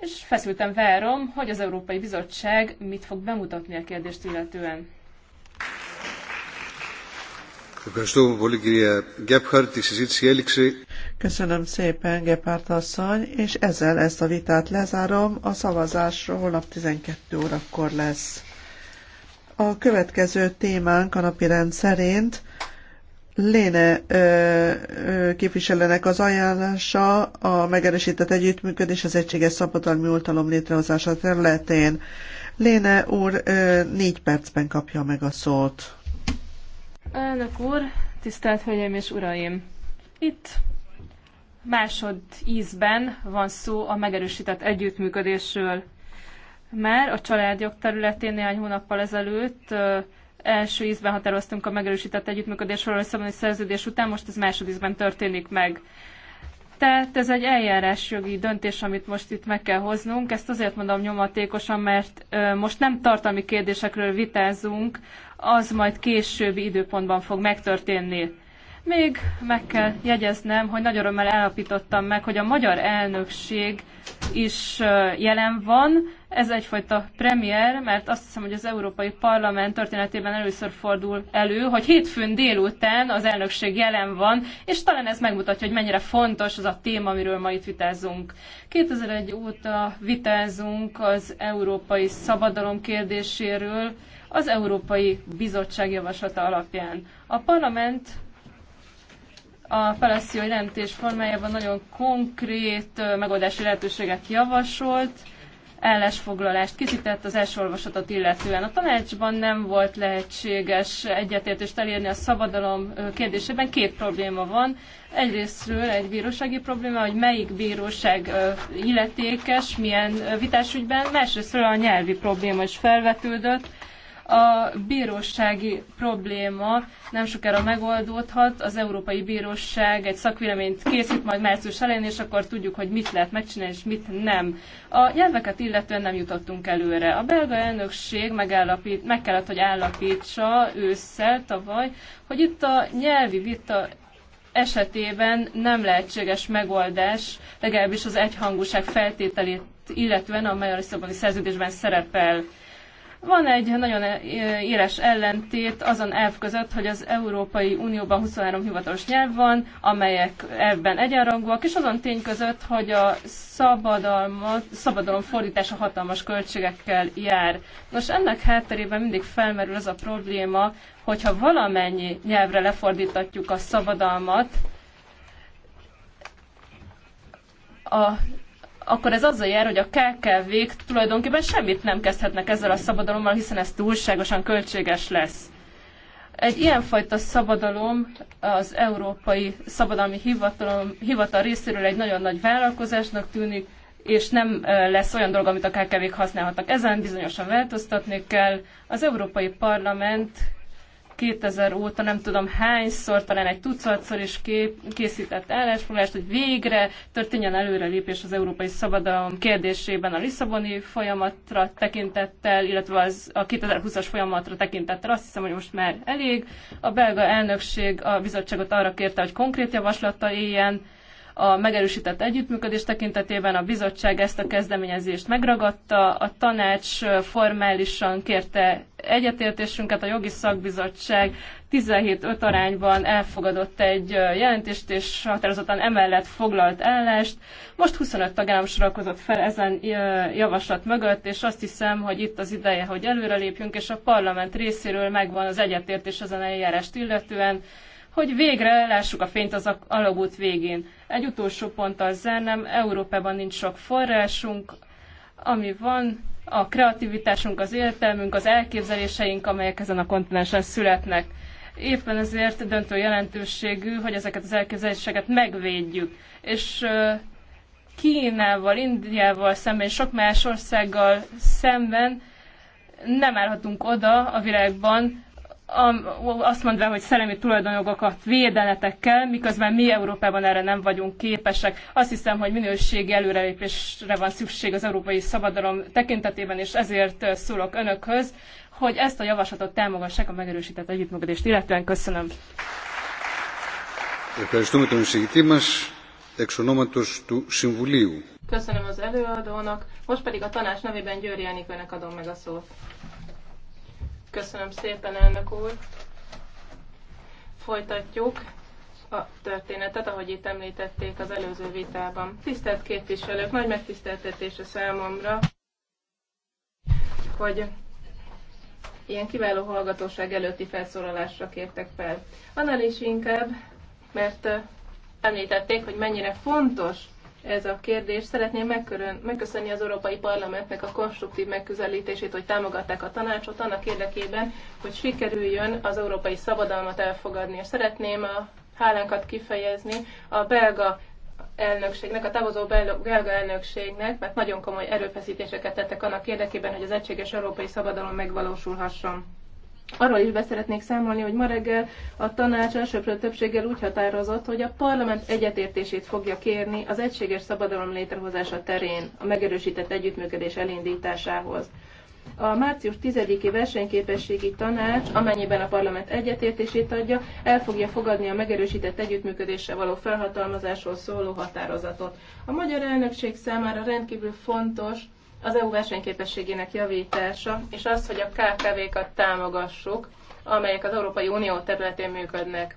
és feszülten várom, hogy az Európai Bizottság mit fog bemutatni a kérdést illetően. Köszönöm szépen, Gephardt asszony, és ezzel ezt a vitát lezárom. A szavazás holnap 12 órakor lesz. A következő témánk a napirend szerint Léne képviselőnek az ajánlása a megerősített együttműködés az egységes szabadalmi oltalom létrehozása területén. Léne úr négy percben kapja meg a szót. Elnök úr, tisztelt Hölgyeim és Uraim! Itt másod ízben van szó a megerősített együttműködésről. Már a családjog területén néhány hónappal ezelőtt első ízben határoztunk a megerősített együttműködésről a szabadon szerződés után, most ez másodízben történik meg. Tehát ez egy eljárásjogi döntés, amit most itt meg kell hoznunk. Ezt azért mondom nyomatékosan, mert ö, most nem tartalmi kérdésekről vitázunk, az majd későbbi időpontban fog megtörténni. Még meg kell jegyeznem, hogy nagy örömmel állapítottam meg, hogy a magyar elnökség is jelen van. Ez egyfajta premier, mert azt hiszem, hogy az Európai Parlament történetében először fordul elő, hogy hétfőn délután az elnökség jelen van, és talán ez megmutatja, hogy mennyire fontos az a téma, amiről ma itt vitázunk. 2001 óta vitázunk az európai szabadalom kérdéséről, az Európai Bizottság javaslata alapján. A parlament a palesztió jelentés formájában nagyon konkrét megoldási lehetőséget javasolt, ellesfoglalást készített az első olvasatot illetően. A tanácsban nem volt lehetséges egyetértést elérni a szabadalom kérdésében. Két probléma van. Egyrésztről egy bírósági probléma, hogy melyik bíróság illetékes, milyen vitásügyben, másrésztről a nyelvi probléma is felvetődött a bírósági probléma nem sokára megoldódhat. Az Európai Bíróság egy szakvéleményt készít majd március elején, és akkor tudjuk, hogy mit lehet megcsinálni, és mit nem. A nyelveket illetően nem jutottunk előre. A belga elnökség megállapít, meg kellett, hogy állapítsa ősszel tavaly, hogy itt a nyelvi vita esetében nem lehetséges megoldás, legalábbis az egyhangúság feltételét illetően, amely a Lisszaboni szerződésben szerepel. Van egy nagyon éles e, ellentét azon elv között, hogy az Európai Unióban 23 hivatalos nyelv van, amelyek elvben egyenrangúak, és azon tény között, hogy a szabadalom fordítása hatalmas költségekkel jár. Nos, ennek hátterében mindig felmerül az a probléma, hogyha valamennyi nyelvre lefordítatjuk a szabadalmat, a akkor ez azzal jár, hogy a KKV-k tulajdonképpen semmit nem kezdhetnek ezzel a szabadalommal, hiszen ez túlságosan költséges lesz. Egy ilyenfajta szabadalom az Európai Szabadalmi Hivatalom, Hivatal részéről egy nagyon nagy vállalkozásnak tűnik, és nem lesz olyan dolog, amit a KKV-k használhatnak. Ezen bizonyosan változtatni kell. Az Európai Parlament 2000 óta nem tudom hányszor, talán egy tucatszor is kép, készített állásfoglalást, hogy végre történjen előrelépés az európai szabadalom kérdésében a Lisszaboni folyamatra tekintettel, illetve az a 2020-as folyamatra tekintettel. Azt hiszem, hogy most már elég. A belga elnökség a bizottságot arra kérte, hogy konkrét javaslattal éljen, a megerősített együttműködés tekintetében a bizottság ezt a kezdeményezést megragadta, a tanács formálisan kérte egyetértésünket, a jogi szakbizottság 17-5 arányban elfogadott egy jelentést, és határozottan emellett foglalt állást. Most 25 tagállam sorakozott fel ezen javaslat mögött, és azt hiszem, hogy itt az ideje, hogy előrelépjünk, és a parlament részéről megvan az egyetértés ezen eljárást illetően hogy végre lássuk a fényt az alagút végén. Egy utolsó ponttal zárnám, Európában nincs sok forrásunk, ami van, a kreativitásunk, az értelmünk, az elképzeléseink, amelyek ezen a kontinensen születnek. Éppen ezért döntő jelentőségű, hogy ezeket az elképzeléseket megvédjük. És Kínával, Indiával szemben, és sok más országgal szemben nem állhatunk oda a világban, azt mondva, hogy szellemi tulajdonjogokat védenetek kell, miközben mi Európában erre nem vagyunk képesek. Azt hiszem, hogy minőségi előrelépésre van szükség az európai szabadalom tekintetében, és ezért szólok önökhöz, hogy ezt a javaslatot támogassák a megerősített együttműködést. Illetően köszönöm. Köszönöm az előadónak, most pedig a tanács nevében Győri Enikőnek adom meg a szót. Köszönöm szépen, elnök úr. Folytatjuk a történetet, ahogy itt említették az előző vitában. Tisztelt képviselők, nagy a számomra, hogy ilyen kiváló hallgatóság előtti felszólalásra kértek fel. Annál is inkább, mert említették, hogy mennyire fontos ez a kérdés. Szeretném megköszönni az Európai Parlamentnek a konstruktív megközelítését, hogy támogatták a tanácsot annak érdekében, hogy sikerüljön az európai szabadalmat elfogadni. És szeretném a hálánkat kifejezni a belga elnökségnek, a távozó belga elnökségnek, mert nagyon komoly erőfeszítéseket tettek annak érdekében, hogy az egységes európai szabadalom megvalósulhasson. Arról is beszeretnék számolni, hogy ma reggel a tanács elsőprő többséggel úgy határozott, hogy a parlament egyetértését fogja kérni az egységes szabadalom létrehozása terén a megerősített együttműködés elindításához. A március 10-i versenyképességi tanács, amennyiben a parlament egyetértését adja, el fogja fogadni a megerősített együttműködésre való felhatalmazásról szóló határozatot. A magyar elnökség számára rendkívül fontos, az EU versenyképességének javítása, és az, hogy a KKV-kat támogassuk, amelyek az Európai Unió területén működnek.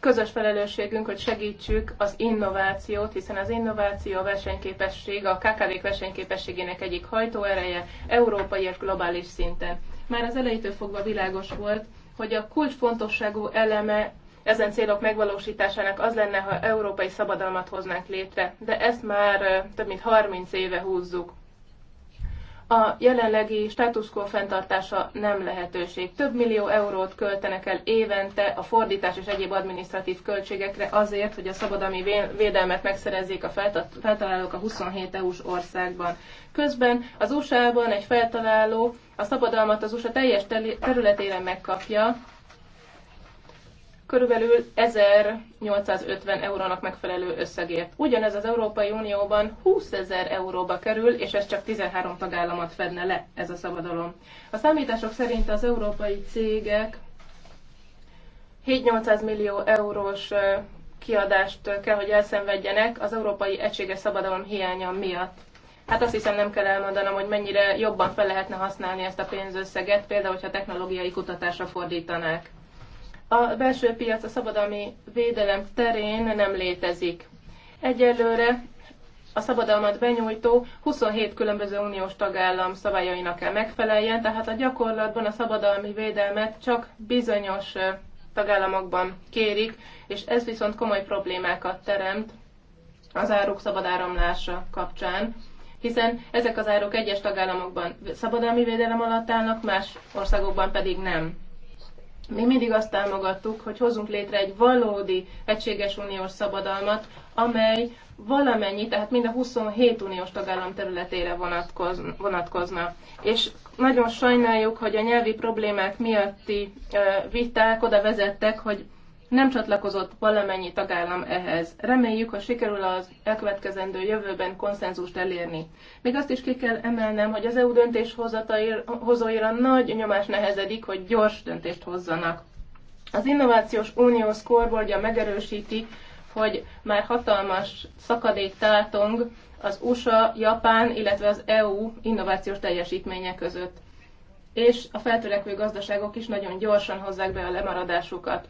Közös felelősségünk, hogy segítsük az innovációt, hiszen az innováció a versenyképesség, a kkv versenyképességének egyik hajtóereje európai és globális szinten. Már az elejétől fogva világos volt, hogy a kulcsfontosságú eleme ezen célok megvalósításának az lenne, ha európai szabadalmat hoznánk létre, de ezt már több mint 30 éve húzzuk a jelenlegi status quo fenntartása nem lehetőség. Több millió eurót költenek el évente a fordítás és egyéb adminisztratív költségekre azért, hogy a szabadalmi védelmet megszerezzék a feltalálók a 27 EU-s országban. Közben az USA-ban egy feltaláló a szabadalmat az USA teljes területére megkapja, körülbelül 1850 eurónak megfelelő összegért. Ugyanez az Európai Unióban 20 ezer euróba kerül, és ez csak 13 tagállamot fedne le, ez a szabadalom. A számítások szerint az európai cégek 7-800 millió eurós kiadást kell, hogy elszenvedjenek az európai egységes szabadalom hiánya miatt. Hát azt hiszem nem kell elmondanom, hogy mennyire jobban fel lehetne használni ezt a pénzösszeget, például, hogyha technológiai kutatásra fordítanák. A belső piac a szabadalmi védelem terén nem létezik. Egyelőre a szabadalmat benyújtó 27 különböző uniós tagállam szabályainak kell megfeleljen, tehát a gyakorlatban a szabadalmi védelmet csak bizonyos tagállamokban kérik, és ez viszont komoly problémákat teremt az áruk szabad áramlása kapcsán, hiszen ezek az áruk egyes tagállamokban szabadalmi védelem alatt állnak, más országokban pedig nem mi mindig azt támogattuk, hogy hozzunk létre egy valódi egységes uniós szabadalmat, amely valamennyi, tehát mind a 27 uniós tagállam területére vonatkozna. vonatkozna. És nagyon sajnáljuk, hogy a nyelvi problémák miatti viták oda vezettek, hogy nem csatlakozott valamennyi tagállam ehhez. Reméljük, hogy sikerül az elkövetkezendő jövőben konszenzust elérni. Még azt is ki kell emelnem, hogy az EU döntéshozóira nagy nyomás nehezedik, hogy gyors döntést hozzanak. Az Innovációs Unió scoreboardja megerősíti, hogy már hatalmas szakadék tátong az USA, Japán, illetve az EU innovációs teljesítménye között. És a feltörekvő gazdaságok is nagyon gyorsan hozzák be a lemaradásukat.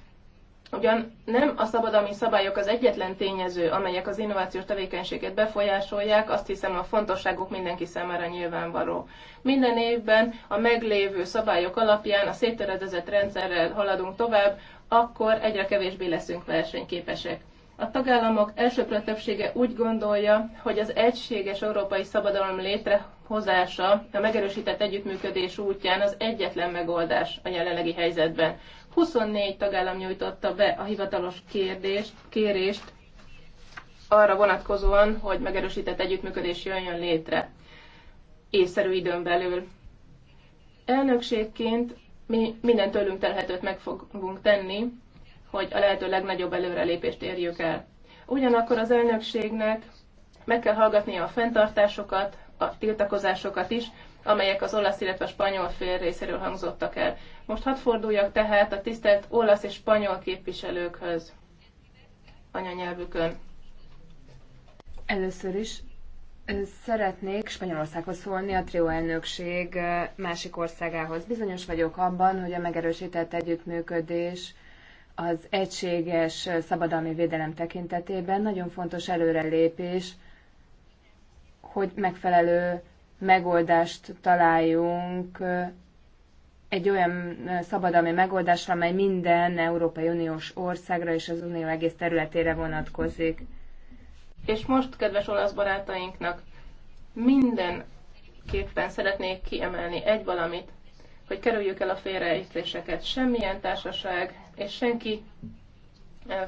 Ugyan nem a szabadalmi szabályok az egyetlen tényező, amelyek az innovációs tevékenységet befolyásolják, azt hiszem a fontosságuk mindenki számára nyilvánvaló. Minden évben a meglévő szabályok alapján a széteredezett rendszerrel haladunk tovább, akkor egyre kevésbé leszünk versenyképesek. A tagállamok elsőprő többsége úgy gondolja, hogy az egységes európai szabadalom létrehozása a megerősített együttműködés útján az egyetlen megoldás a jelenlegi helyzetben. 24 tagállam nyújtotta be a hivatalos kérdést, kérést arra vonatkozóan, hogy megerősített együttműködés jöjjön létre észszerű időn belül. Elnökségként mi minden tőlünk telhetőt meg fogunk tenni, hogy a lehető legnagyobb előrelépést érjük el. Ugyanakkor az elnökségnek meg kell hallgatnia a fenntartásokat, a tiltakozásokat is, amelyek az olasz, illetve a spanyol fél részéről hangzottak el. Most hadd forduljak tehát a tisztelt olasz és spanyol képviselőkhöz anyanyelvükön. Először is Szeretnék Spanyolországhoz szólni, a trió elnökség másik országához. Bizonyos vagyok abban, hogy a megerősített együttműködés az egységes szabadalmi védelem tekintetében nagyon fontos előrelépés, hogy megfelelő megoldást találjunk egy olyan szabadalmi megoldásra, amely minden Európai Uniós országra és az Unió egész területére vonatkozik. És most, kedves olasz barátainknak, mindenképpen szeretnék kiemelni egy valamit, hogy kerüljük el a félreértéseket. Semmilyen társaság és senki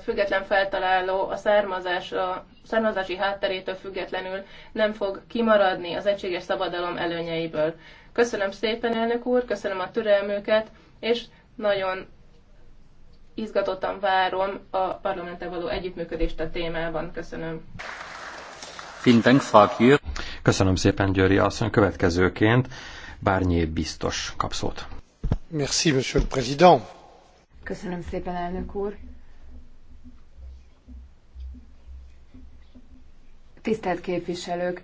független feltaláló a származás, a származási hátterétől függetlenül nem fog kimaradni az egységes szabadalom előnyeiből. Köszönöm szépen, elnök úr, köszönöm a türelmüket, és nagyon izgatottan várom a parlamenttel való együttműködést a témában. Köszönöm. Köszönöm szépen, Győri asszony. Következőként Bárnyé biztos kapszót. Merci, monsieur le président. Köszönöm szépen, elnök úr. Tisztelt képviselők!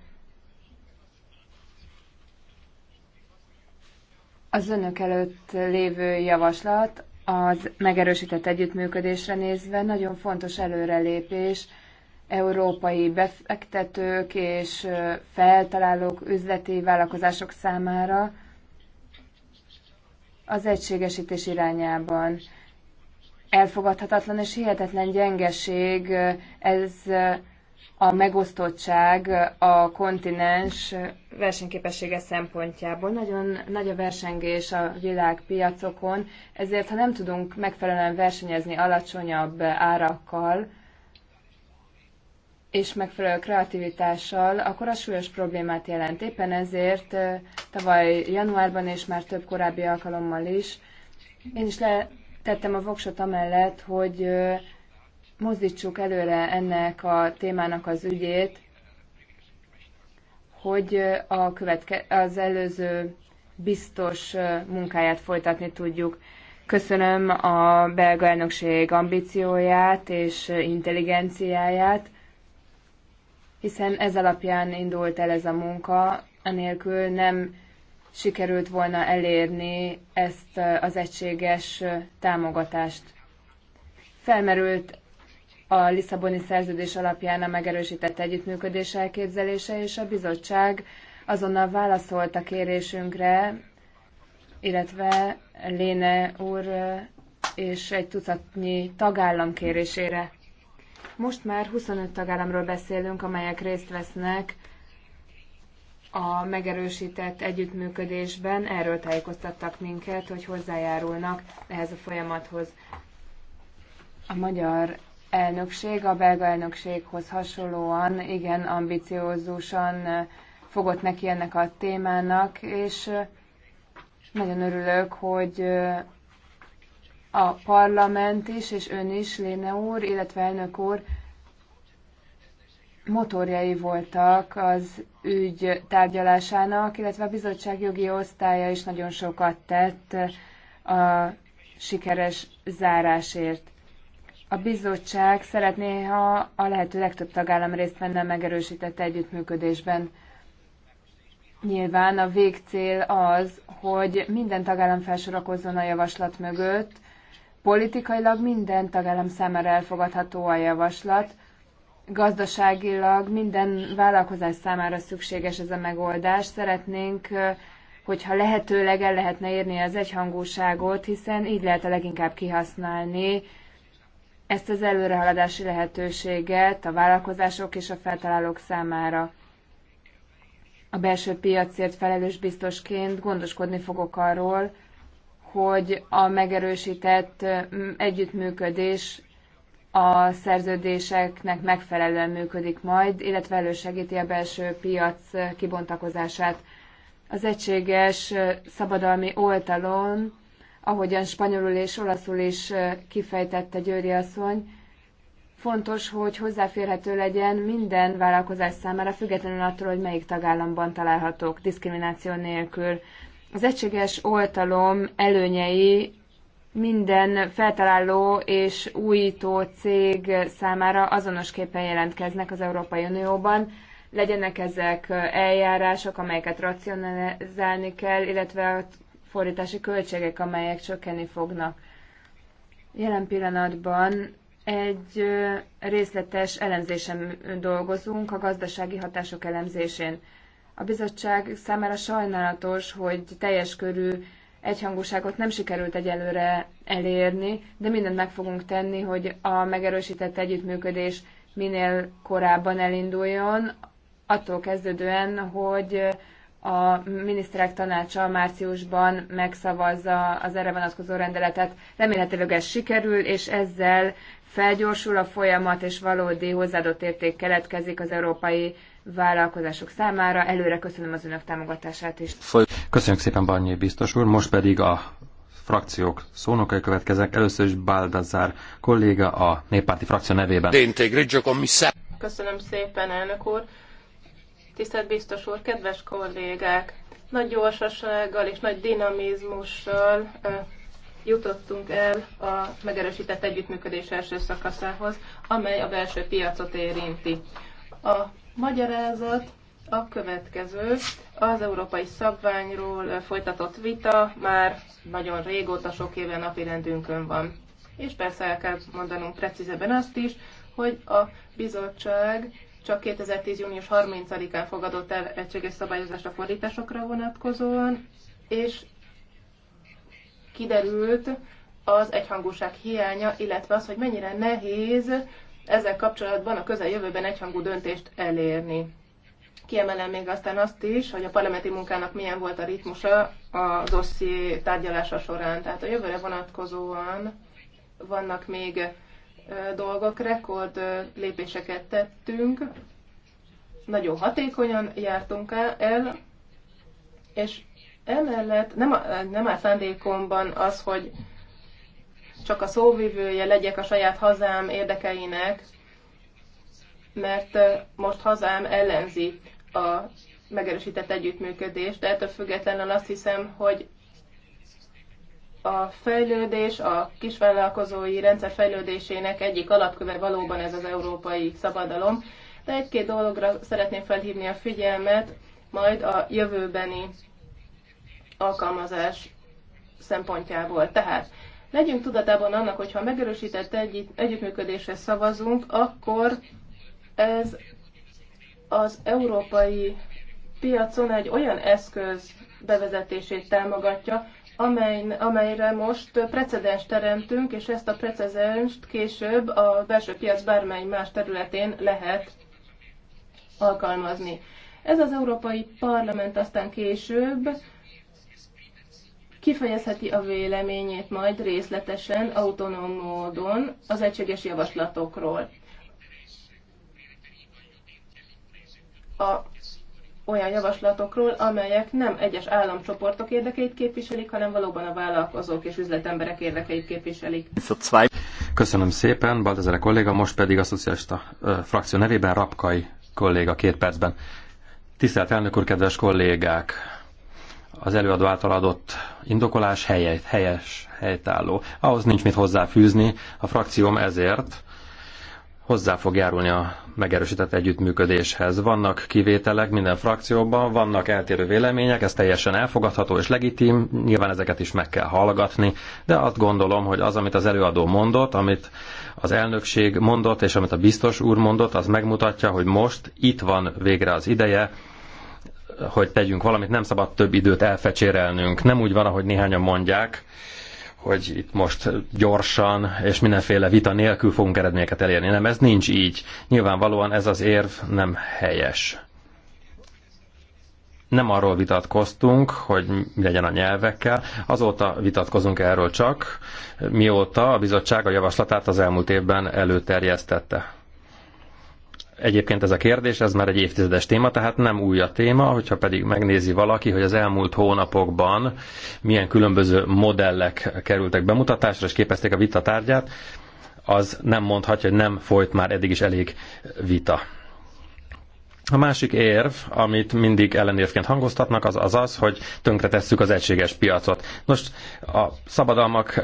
Az önök előtt lévő javaslat az megerősített együttműködésre nézve nagyon fontos előrelépés európai befektetők és feltalálók, üzleti vállalkozások számára az egységesítés irányában. Elfogadhatatlan és hihetetlen gyengeség ez a megosztottság a kontinens versenyképessége szempontjából. Nagyon nagy a versengés a világpiacokon, ezért ha nem tudunk megfelelően versenyezni alacsonyabb árakkal, és megfelelő kreativitással, akkor a súlyos problémát jelent. Éppen ezért eh, tavaly januárban és már több korábbi alkalommal is én is letettem a voksot amellett, hogy eh, mozdítsuk előre ennek a témának az ügyét, hogy a követke- az előző biztos munkáját folytatni tudjuk. Köszönöm a belga elnökség ambícióját és intelligenciáját, hiszen ez alapján indult el ez a munka, anélkül nem sikerült volna elérni ezt az egységes támogatást. Felmerült a Lisszaboni szerződés alapján a megerősített együttműködés elképzelése, és a bizottság azonnal válaszolt a kérésünkre, illetve Léne úr és egy tucatnyi tagállam kérésére. Most már 25 tagállamról beszélünk, amelyek részt vesznek a megerősített együttműködésben. Erről tájékoztattak minket, hogy hozzájárulnak ehhez a folyamathoz. A magyar elnökség a belga elnökséghoz hasonlóan igen ambiciózusan eh, fogott neki ennek a témának, és eh, nagyon örülök, hogy eh, a parlament is, és ön is, Léne úr, illetve elnök úr, motorjai voltak az ügy tárgyalásának, illetve a bizottság jogi osztálya is nagyon sokat tett a sikeres zárásért. A bizottság szeretné, ha a lehető legtöbb tagállam részt venne a megerősített együttműködésben. Nyilván a végcél az, hogy minden tagállam felsorakozzon a javaslat mögött. Politikailag minden tagállam számára elfogadható a javaslat. Gazdaságilag minden vállalkozás számára szükséges ez a megoldás. Szeretnénk, hogyha lehetőleg el lehetne érni az egyhangúságot, hiszen így lehet a leginkább kihasználni ezt az előrehaladási lehetőséget a vállalkozások és a feltalálók számára a belső piacért felelős biztosként gondoskodni fogok arról, hogy a megerősített mm, együttműködés a szerződéseknek megfelelően működik majd, illetve elősegíti a belső piac kibontakozását. Az egységes szabadalmi oltalon ahogyan spanyolul és olaszul is kifejtette Győri asszony, fontos, hogy hozzáférhető legyen minden vállalkozás számára, függetlenül attól, hogy melyik tagállamban találhatók, diszkrimináció nélkül. Az egységes oltalom előnyei minden feltaláló és újító cég számára azonosképpen jelentkeznek az Európai Unióban. Legyenek ezek eljárások, amelyeket racionalizálni kell, illetve a fordítási költségek, amelyek csökkenni fognak. Jelen pillanatban egy részletes elemzésen dolgozunk, a gazdasági hatások elemzésén. A bizottság számára sajnálatos, hogy teljes körű egyhangúságot nem sikerült egyelőre elérni, de mindent meg fogunk tenni, hogy a megerősített együttműködés minél korábban elinduljon, attól kezdődően, hogy a miniszterek tanácsa márciusban megszavazza az erre vonatkozó rendeletet. Remélhetőleg ez sikerül, és ezzel felgyorsul a folyamat, és valódi hozzáadott érték keletkezik az európai vállalkozások számára. Előre köszönöm az önök támogatását is. Köszönjük szépen, Barnyi biztos úr. Most pedig a frakciók szónokai következnek. Először is Baldazár kolléga a néppárti frakció nevében. Köszönöm szépen, elnök úr. Tisztelt biztos úr, kedves kollégák! Nagy gyorsasággal és nagy dinamizmussal jutottunk el a megerősített együttműködés első szakaszához, amely a belső piacot érinti. A magyarázat a következő. Az európai szabványról folytatott vita már nagyon régóta, sok éve rendünkön van. És persze el kell mondanunk precízebben azt is, hogy a bizottság csak 2010. június 30-án fogadott el egységes szabályozást a fordításokra vonatkozóan, és kiderült az egyhangúság hiánya, illetve az, hogy mennyire nehéz ezzel kapcsolatban a közeljövőben egyhangú döntést elérni. Kiemelem még aztán azt is, hogy a parlamenti munkának milyen volt a ritmusa a dosszié tárgyalása során. Tehát a jövőre vonatkozóan vannak még dolgok, rekord lépéseket tettünk, nagyon hatékonyan jártunk el, és emellett nem, nem áll szándékomban az, hogy csak a szóvivője legyek a saját hazám érdekeinek, mert most hazám ellenzi a megerősített együttműködést, de ettől függetlenül azt hiszem, hogy a fejlődés, a kisvállalkozói rendszer fejlődésének egyik alapköve valóban ez az európai szabadalom, de egy-két dologra szeretném felhívni a figyelmet, majd a jövőbeni alkalmazás szempontjából. Tehát legyünk tudatában annak, hogyha megerősített egy, együttműködésre szavazunk, akkor ez az európai piacon egy olyan eszköz bevezetését támogatja, amely, amelyre most precedens teremtünk, és ezt a precedenst később a belső piac bármely más területén lehet alkalmazni. Ez az Európai Parlament aztán később kifejezheti a véleményét majd részletesen, autonóm módon az egységes javaslatokról. A olyan javaslatokról, amelyek nem egyes államcsoportok érdekeit képviselik, hanem valóban a vállalkozók és üzletemberek érdekeit képviselik. Köszönöm szépen, Baltazere kolléga, most pedig a szocialista frakció nevében Rapkai kolléga két percben. Tisztelt elnök úr, kedves kollégák! Az előadó által adott indokolás helyes, helyes helytálló. Ahhoz nincs mit hozzáfűzni, a frakcióm ezért hozzá fog járulni a megerősített együttműködéshez. Vannak kivételek minden frakcióban, vannak eltérő vélemények, ez teljesen elfogadható és legitim, nyilván ezeket is meg kell hallgatni, de azt gondolom, hogy az, amit az előadó mondott, amit az elnökség mondott, és amit a biztos úr mondott, az megmutatja, hogy most itt van végre az ideje, hogy tegyünk valamit, nem szabad több időt elfecsérelnünk. Nem úgy van, ahogy néhányan mondják, hogy itt most gyorsan és mindenféle vita nélkül fogunk eredményeket elérni. Nem, ez nincs így. Nyilvánvalóan ez az érv nem helyes. Nem arról vitatkoztunk, hogy mi legyen a nyelvekkel, azóta vitatkozunk erről csak, mióta a bizottság a javaslatát az elmúlt évben előterjesztette. Egyébként ez a kérdés, ez már egy évtizedes téma, tehát nem új a téma, hogyha pedig megnézi valaki, hogy az elmúlt hónapokban milyen különböző modellek kerültek bemutatásra, és képezték a vita tárgyát, az nem mondhatja, hogy nem folyt már eddig is elég vita. A másik érv, amit mindig ellenérvként hangoztatnak, az az, az hogy tönkretesszük az egységes piacot. Most a szabadalmak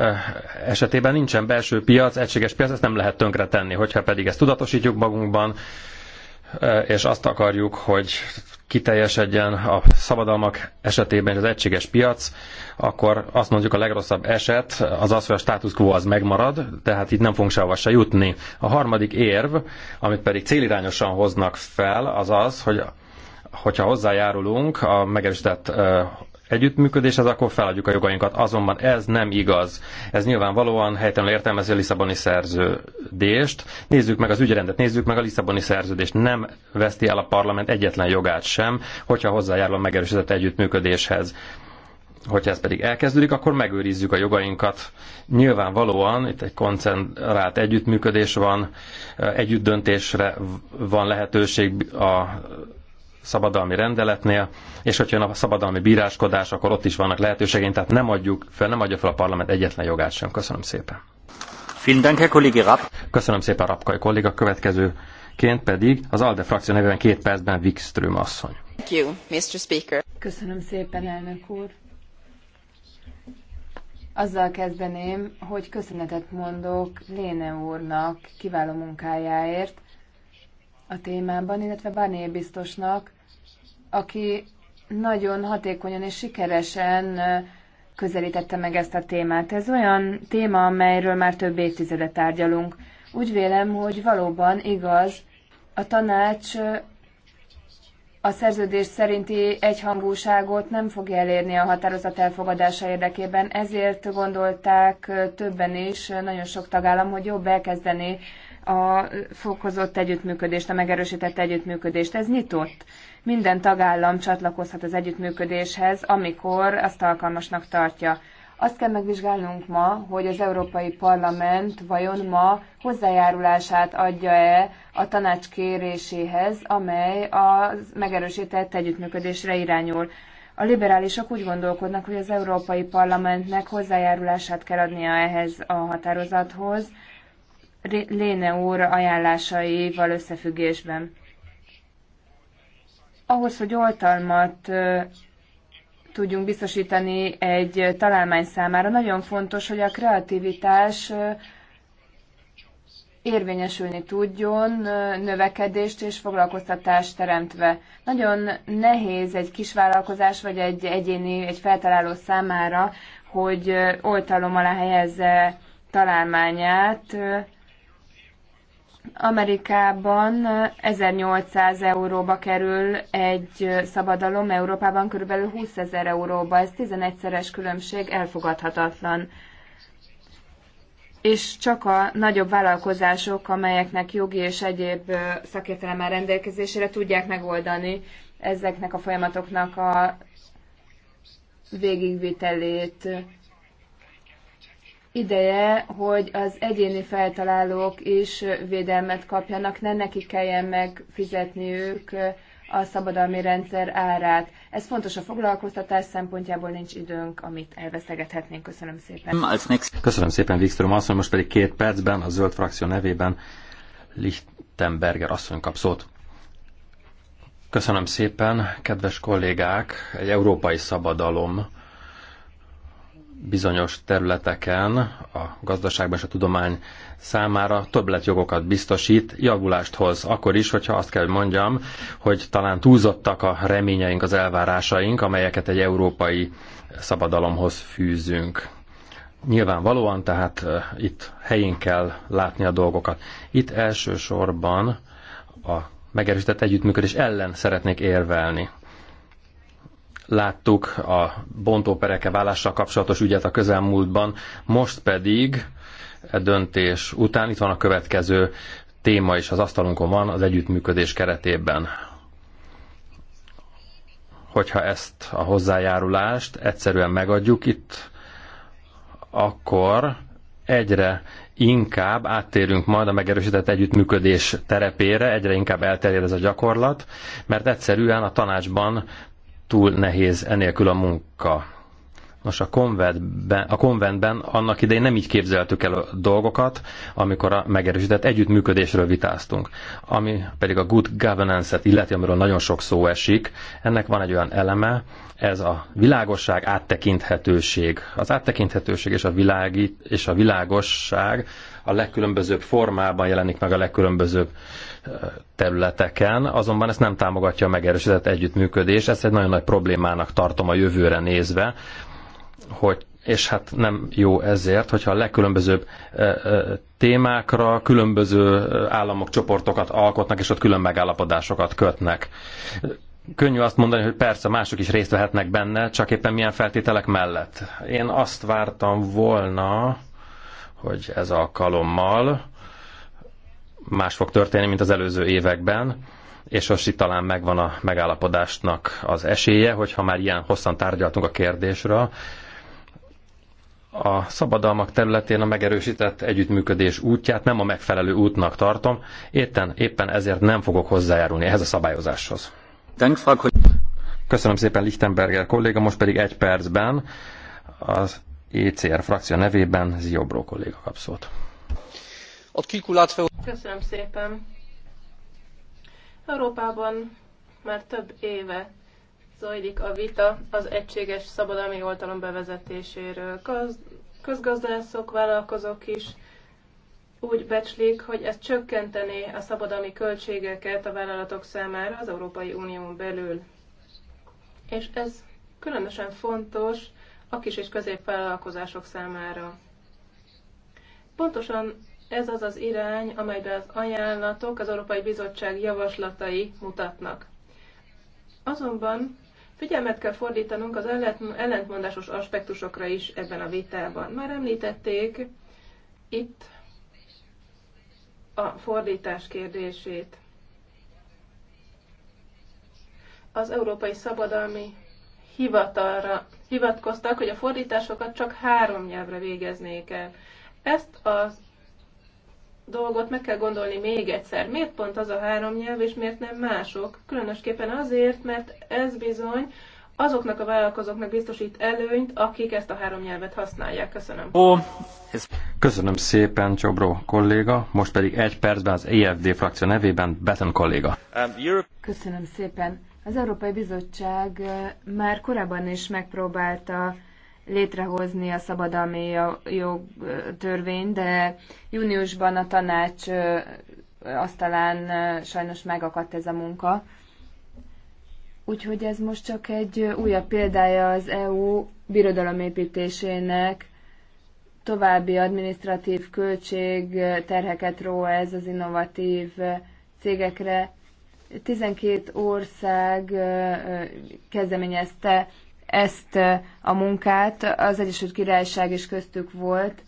esetében nincsen belső piac, egységes piac, ezt nem lehet tönkretenni. Hogyha pedig ezt tudatosítjuk magunkban, Eh, és azt akarjuk, hogy kiteljesedjen a szabadalmak esetében az egységes piac, akkor azt mondjuk a legrosszabb eset az az, hogy a status quo az megmarad, tehát itt nem fogunk sehova se jutni. A harmadik érv, amit pedig célirányosan hoznak fel, az az, hogy hogyha hozzájárulunk a megerősített eh, együttműködés, az akkor feladjuk a jogainkat. Azonban ez nem igaz. Ez nyilvánvalóan helytelenül értelmezi a Lisszaboni szerződést. Nézzük meg az ügyrendet, nézzük meg a Lisszaboni szerződést. Nem veszti el a parlament egyetlen jogát sem, hogyha hozzájárul a megerősített együttműködéshez hogyha ez pedig elkezdődik, akkor megőrizzük a jogainkat. Nyilvánvalóan itt egy koncentrált együttműködés van, együttdöntésre van lehetőség a szabadalmi rendeletnél, és hogyha jön a szabadalmi bíráskodás, akkor ott is vannak lehetőségeink, tehát nem adjuk fel, nem adja fel a parlament egyetlen jogát sem. Köszönöm szépen. Köszönöm szépen, Rapkai kolléga. Következőként pedig az ALDE frakció nevében két percben Wikström asszony. Köszönöm szépen, elnök úr. Azzal kezdeném, hogy köszönetet mondok Léne úrnak kiváló munkájáért, a témában, illetve Barnier biztosnak, aki nagyon hatékonyan és sikeresen közelítette meg ezt a témát. Ez olyan téma, amelyről már több évtizede tárgyalunk. Úgy vélem, hogy valóban igaz, a tanács a szerződés szerinti egyhangúságot nem fogja elérni a határozat elfogadása érdekében, ezért gondolták többen is, nagyon sok tagállam, hogy jobb elkezdeni a fokozott együttműködést, a megerősített együttműködést. Ez nyitott. Minden tagállam csatlakozhat az együttműködéshez, amikor azt alkalmasnak tartja. Azt kell megvizsgálnunk ma, hogy az Európai Parlament vajon ma hozzájárulását adja-e a tanács kéréséhez, amely a megerősített együttműködésre irányul. A liberálisok úgy gondolkodnak, hogy az Európai Parlamentnek hozzájárulását kell adnia ehhez a határozathoz, Léne úr ajánlásaival összefüggésben. Ahhoz, hogy oltalmat tudjunk biztosítani egy találmány számára, nagyon fontos, hogy a kreativitás érvényesülni tudjon, növekedést és foglalkoztatást teremtve. Nagyon nehéz egy kisvállalkozás vagy egy egyéni, egy feltaláló számára, hogy oltalom alá helyezze találmányát, Amerikában 1800 euróba kerül egy szabadalom, Európában kb. 20 ezer euróba. Ez 11-szeres különbség elfogadhatatlan. És csak a nagyobb vállalkozások, amelyeknek jogi és egyéb szakértelem rendelkezésére tudják megoldani ezeknek a folyamatoknak a végigvitelét ideje, hogy az egyéni feltalálók is védelmet kapjanak, ne nekik kelljen ők a szabadalmi rendszer árát. Ez fontos a foglalkoztatás szempontjából, nincs időnk, amit elvesztegethetnénk. Köszönöm szépen. Köszönöm szépen, Viktor Masszony, Most pedig két percben a zöld frakció nevében Lichtenberger asszony kap szót. Köszönöm szépen, kedves kollégák! Egy európai szabadalom bizonyos területeken a gazdaságban és a tudomány számára többletjogokat biztosít, javulást hoz. Akkor is, hogyha azt kell, hogy mondjam, hogy talán túlzottak a reményeink, az elvárásaink, amelyeket egy európai szabadalomhoz fűzünk. Nyilvánvalóan, tehát itt helyén kell látni a dolgokat. Itt elsősorban a megerősített együttműködés ellen szeretnék érvelni láttuk a bontópereke válással kapcsolatos ügyet a közelmúltban, most pedig e döntés után itt van a következő téma is az asztalunkon van az együttműködés keretében. Hogyha ezt a hozzájárulást egyszerűen megadjuk itt, akkor egyre inkább áttérünk majd a megerősített együttműködés terepére, egyre inkább elterjed ez a gyakorlat, mert egyszerűen a tanácsban túl nehéz enélkül a munka. Nos, a konventben, a konventben annak idején nem így képzeltük el a dolgokat, amikor a megerősített együttműködésről vitáztunk. Ami pedig a good governance-et illeti, amiről nagyon sok szó esik, ennek van egy olyan eleme, ez a világosság, áttekinthetőség. Az áttekinthetőség és a, világi, és a világosság a legkülönbözőbb formában jelenik meg a legkülönbözőbb területeken, azonban ezt nem támogatja a megerősített együttműködés, ezt egy nagyon nagy problémának tartom a jövőre nézve, hogy és hát nem jó ezért, hogyha a legkülönbözőbb témákra különböző államok csoportokat alkotnak, és ott külön megállapodásokat kötnek. Könnyű azt mondani, hogy persze mások is részt vehetnek benne, csak éppen milyen feltételek mellett. Én azt vártam volna, hogy ez alkalommal más fog történni, mint az előző években, és most itt talán megvan a megállapodásnak az esélye, hogyha már ilyen hosszan tárgyaltunk a kérdésről. A szabadalmak területén a megerősített együttműködés útját nem a megfelelő útnak tartom, éppen, éppen ezért nem fogok hozzájárulni ehhez a szabályozáshoz. Köszönöm szépen Lichtenberger kolléga, most pedig egy percben az ECR frakció nevében Ziobró kolléga kap szót. Köszönöm szépen. Európában már több éve zajlik a vita az egységes szabadalmi oltalom bevezetéséről. Köz, közgazdászok, vállalkozók is úgy becslik, hogy ez csökkentené a szabadalmi költségeket a vállalatok számára az Európai Unión belül. És ez különösen fontos, a kis és középvállalkozások számára. Pontosan ez az az irány, amelyben az ajánlatok, az Európai Bizottság javaslatai mutatnak. Azonban figyelmet kell fordítanunk az ellentmondásos aspektusokra is ebben a vitában. Már említették itt a fordítás kérdését. Az Európai Szabadalmi hivatalra hivatkoztak, hogy a fordításokat csak három nyelvre végeznék el. Ezt a dolgot meg kell gondolni még egyszer. Miért pont az a három nyelv, és miért nem mások? Különösképpen azért, mert ez bizony azoknak a vállalkozóknak biztosít előnyt, akik ezt a három nyelvet használják. Köszönöm. Ó, ez... Köszönöm szépen, Csobró kolléga. Most pedig egy percben az EFD frakció nevében beton kolléga. Um, Köszönöm szépen. Az Európai Bizottság már korábban is megpróbálta létrehozni a szabadalmi jogtörvény, de júniusban a tanács aztán sajnos megakadt ez a munka. Úgyhogy ez most csak egy újabb példája az EU birodalomépítésének, további adminisztratív költség terheket ró ez az innovatív cégekre, 12 ország kezdeményezte ezt a munkát, az Egyesült Királyság is köztük volt.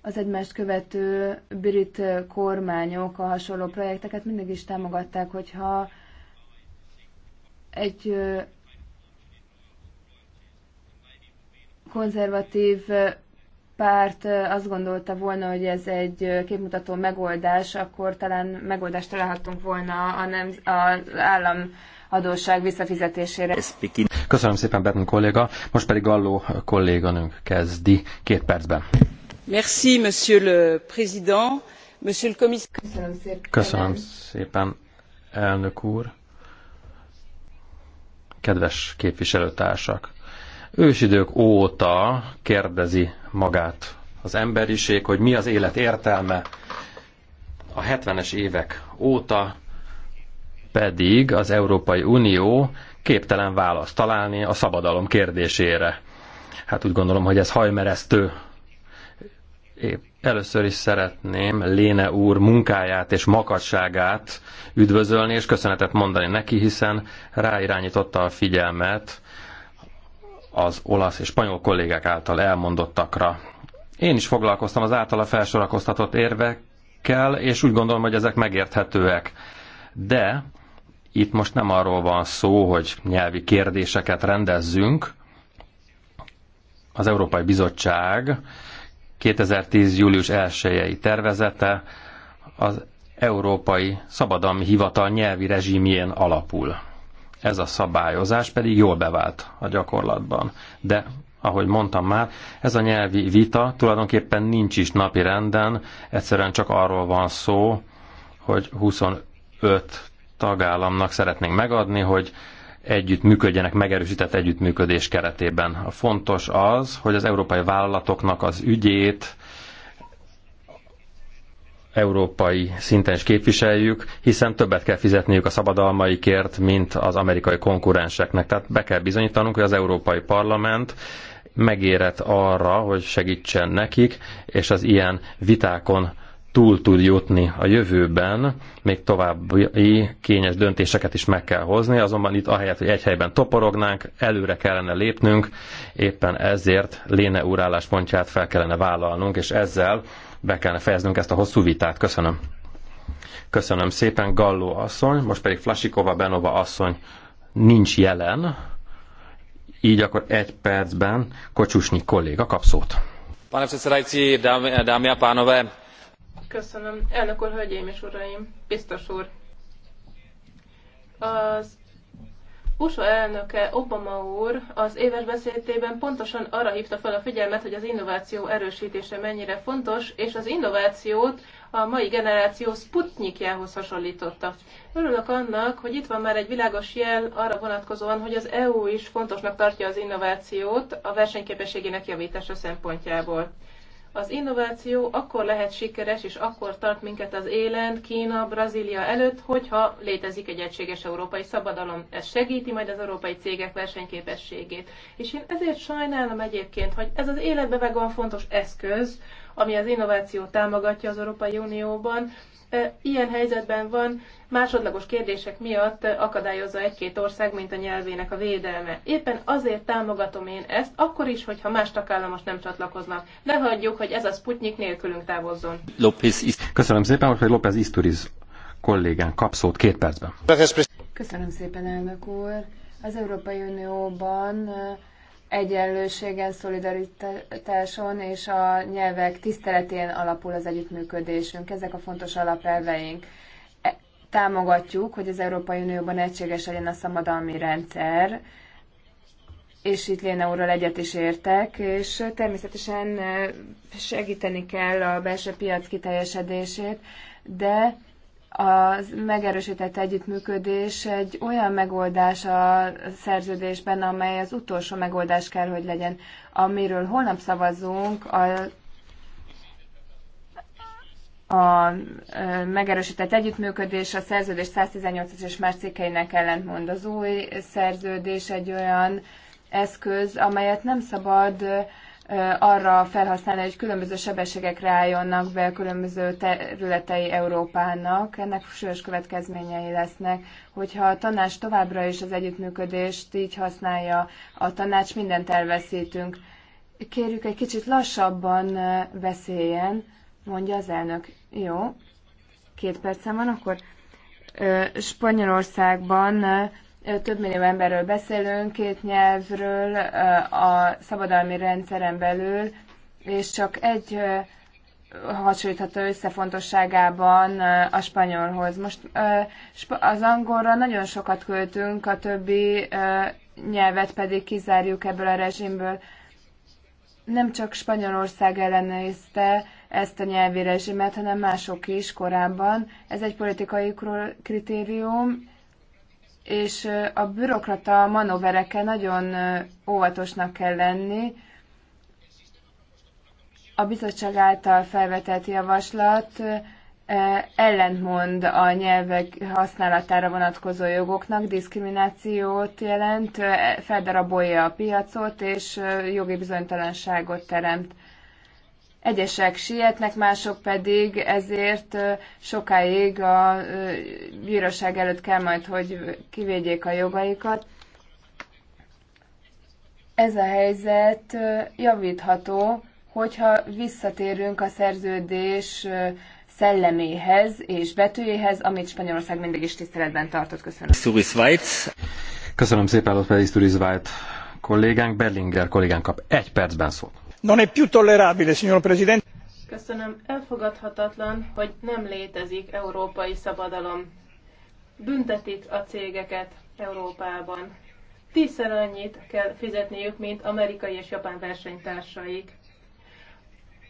Az egymást követő brit kormányok a hasonló projekteket mindig is támogatták, hogyha egy konzervatív párt azt gondolta volna, hogy ez egy képmutató megoldás, akkor talán megoldást találhattunk volna a nem, az állam adósság visszafizetésére. Köszönöm szépen, Berton kolléga. Most pedig Galló kolléganőnk kezdi két percben. Merci, monsieur le président. Monsieur le commissaire. Köszönöm szépen. Köszönöm szépen, elnök úr. Kedves képviselőtársak! Ősidők óta kérdezi magát az emberiség, hogy mi az élet értelme. A 70-es évek óta pedig az Európai Unió képtelen választ találni a szabadalom kérdésére. Hát úgy gondolom, hogy ez hajmeresztő. Épp először is szeretném Léne úr munkáját és makasságát üdvözölni, és köszönetet mondani neki, hiszen ráirányította a figyelmet az olasz és spanyol kollégák által elmondottakra. Én is foglalkoztam az általa felsorakoztatott érvekkel, és úgy gondolom, hogy ezek megérthetőek. De itt most nem arról van szó, hogy nyelvi kérdéseket rendezzünk. Az Európai Bizottság 2010. július 1 tervezete az Európai Szabadalmi Hivatal nyelvi rezsimjén alapul. Ez a szabályozás pedig jól bevált a gyakorlatban. De ahogy mondtam már, ez a nyelvi vita tulajdonképpen nincs is napi renden, egyszerűen csak arról van szó, hogy 25 tagállamnak szeretnénk megadni, hogy együtt működjenek, megerősített együttműködés keretében. A fontos az, hogy az európai vállalatoknak az ügyét európai szinten is képviseljük, hiszen többet kell fizetniük a szabadalmaikért, mint az amerikai konkurenseknek. Tehát be kell bizonyítanunk, hogy az Európai Parlament megérett arra, hogy segítsen nekik, és az ilyen vitákon túl tud jutni a jövőben, még további kényes döntéseket is meg kell hozni, azonban itt ahelyett, hogy egy helyben toporognánk, előre kellene lépnünk, éppen ezért Léne úr álláspontját fel kellene vállalnunk, és ezzel be kellene fejeznünk ezt a hosszú vitát. Köszönöm. Köszönöm szépen, Galló asszony, most pedig Flasikova Benova asszony nincs jelen, így akkor egy percben Kocsusnyi kolléga kap szót. Pane předsedající, dámy, dámy a pánové. Köszönöm. Elnök úr, hölgyeim és uraim, biztos úr. Az USA elnöke Obama úr az éves beszédében pontosan arra hívta fel a figyelmet, hogy az innováció erősítése mennyire fontos, és az innovációt a mai generáció Sputnikjához hasonlította. Örülök annak, hogy itt van már egy világos jel arra vonatkozóan, hogy az EU is fontosnak tartja az innovációt a versenyképességének javítása szempontjából. Az innováció akkor lehet sikeres, és akkor tart minket az élen Kína, Brazília előtt, hogyha létezik egy egységes európai szabadalom. Ez segíti majd az európai cégek versenyképességét. És én ezért sajnálom egyébként, hogy ez az életbe vágóan fontos eszköz, ami az innovációt támogatja az Európai Unióban, ilyen helyzetben van, másodlagos kérdések miatt akadályozza egy-két ország, mint a nyelvének a védelme. Éppen azért támogatom én ezt, akkor is, hogyha más tagállamos nem csatlakoznak. Ne hagyjuk, hogy ez a Sputnik nélkülünk távozzon. López Köszönöm szépen, most, hogy López Isturiz kollégán kap szót két percben. Köszönöm szépen, elnök úr. Az Európai Unióban egyenlőségen, szolidaritáson és a nyelvek tiszteletén alapul az együttműködésünk. Ezek a fontos alapelveink. E, támogatjuk, hogy az Európai Unióban egységes legyen a szabadalmi rendszer, és itt Léna úrral egyet is értek, és természetesen e, segíteni kell a belső piac kiteljesedését, de a megerősített együttműködés egy olyan megoldás a szerződésben, amely az utolsó megoldás kell, hogy legyen, amiről holnap szavazunk, a a megerősített együttműködés a szerződés 118-as és más cikkeinek ellentmond. Az új szerződés egy olyan eszköz, amelyet nem szabad arra felhasználni, hogy különböző sebességekre álljonnak be különböző területei Európának. Ennek súlyos következményei lesznek, hogyha a tanács továbbra is az együttműködést így használja, a tanács mindent elveszítünk. Kérjük, egy kicsit lassabban beszéljen, mondja az elnök. Jó, két percem van, akkor Spanyolországban több millió emberről beszélünk, két nyelvről a szabadalmi rendszeren belül, és csak egy hasonlítható összefontosságában a spanyolhoz. Most az angolra nagyon sokat költünk, a többi nyelvet pedig kizárjuk ebből a rezsimből. Nem csak Spanyolország ellenőrizte ezt a nyelvi rezsimet, hanem mások is korábban. Ez egy politikai kritérium, és a bürokrata manőverekkel nagyon óvatosnak kell lenni. A bizottság által felvetett javaslat ellentmond a nyelvek használatára vonatkozó jogoknak, diszkriminációt jelent, e, feldarabolja a piacot, és jogi bizonytalanságot teremt. Egyesek sietnek, mások pedig ezért sokáig a bíróság előtt kell majd, hogy kivédjék a jogaikat. Ez a helyzet javítható, hogyha visszatérünk a szerződés szelleméhez és betűjéhez, amit Spanyolország mindig is tiszteletben tartott. Köszönöm. Weitz. Köszönöm szépen, hogy Szuris Weitz kollégánk. Berlinger kollégánk kap egy percben szót. Elfogadhatatlan, hogy nem létezik európai szabadalom. Büntetik a cégeket Európában. Tízszer annyit kell fizetniük, mint amerikai és japán versenytársaik.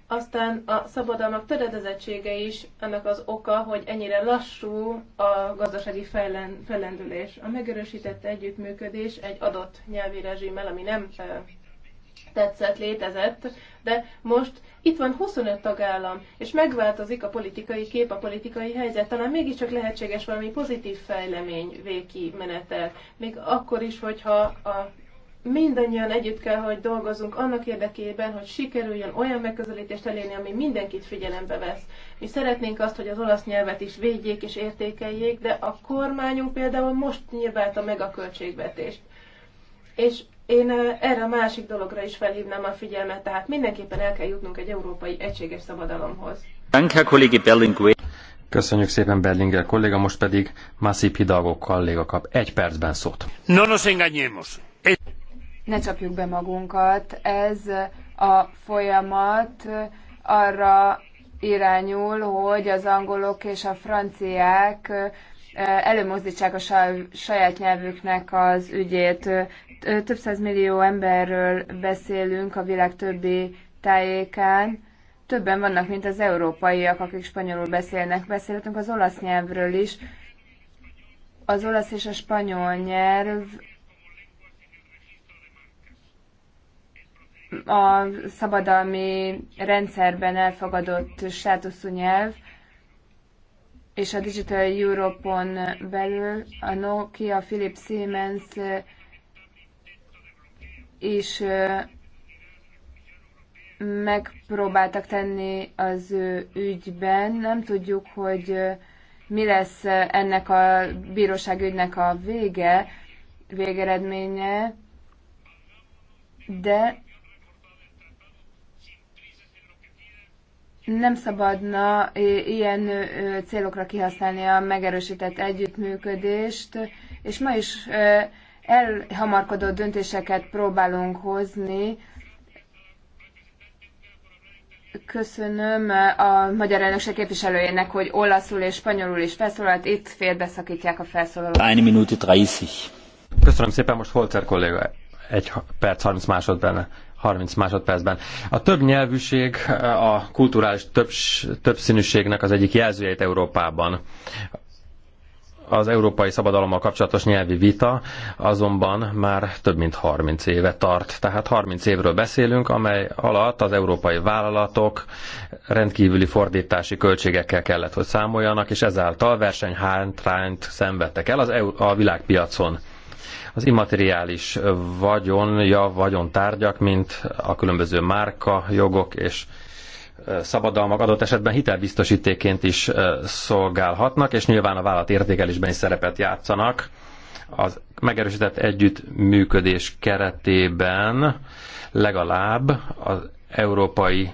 Aztán a szabadalmak töredezettsége is annak az oka, hogy ennyire lassú a gazdasági fellendülés. A megerősített együttműködés egy adott nyelvi rezsimmel, ami nem tetszett, létezett, de most itt van 25 tagállam, és megváltozik a politikai kép, a politikai helyzet. Talán mégiscsak lehetséges valami pozitív fejlemény véki menetel. Még akkor is, hogyha a mindannyian együtt kell, hogy dolgozunk annak érdekében, hogy sikerüljön olyan megközelítést elérni, ami mindenkit figyelembe vesz. Mi szeretnénk azt, hogy az olasz nyelvet is védjék és értékeljék, de a kormányunk például most nyilvánta meg a költségvetést. És én erre a másik dologra is felhívnám a figyelmet, tehát mindenképpen el kell jutnunk egy európai egységes szabadalomhoz. Köszönjük szépen Berlinger kolléga, most pedig Massip Hidalgo kolléga kap egy percben szót. No nos engañemos. Ne csapjuk be magunkat, ez a folyamat arra irányul, hogy az angolok és a franciák előmozdítsák a saját nyelvüknek az ügyét. Több száz millió emberről beszélünk a világ többi tájékán. Többen vannak, mint az európaiak, akik spanyolul beszélnek. Beszéltünk az olasz nyelvről is. Az olasz és a spanyol nyelv a szabadalmi rendszerben elfogadott státuszú nyelv, és a Digital Europe-on belül a Nokia, Philips, Siemens eh, is eh, megpróbáltak tenni az ő ügyben. Nem tudjuk, hogy eh, mi lesz ennek a bíróságügynek a vége, végeredménye, de nem szabadna ilyen célokra kihasználni a megerősített együttműködést, és ma is elhamarkodó döntéseket próbálunk hozni. Köszönöm a magyar elnökség képviselőjének, hogy olaszul és spanyolul is felszólalt. Itt félbeszakítják a felszólalót. 1 minúti 30. Köszönöm szépen, most Holzer kolléga. Egy perc, 30 másod benne. 30 másodpercben. A több nyelvűség a kulturális többs, többszínűségnek az egyik jelzőjét Európában. Az európai szabadalommal kapcsolatos nyelvi vita azonban már több mint 30 éve tart. Tehát 30 évről beszélünk, amely alatt az európai vállalatok rendkívüli fordítási költségekkel kellett, hogy számoljanak, és ezáltal versenyhátrányt szenvedtek el az EU, a világpiacon az immateriális vagyonja, vagyontárgyak, mint a különböző márka, jogok és szabadalmak adott esetben hitelbiztosítéként is szolgálhatnak, és nyilván a vállalat értékelésben is szerepet játszanak. Az megerősített együttműködés keretében legalább az európai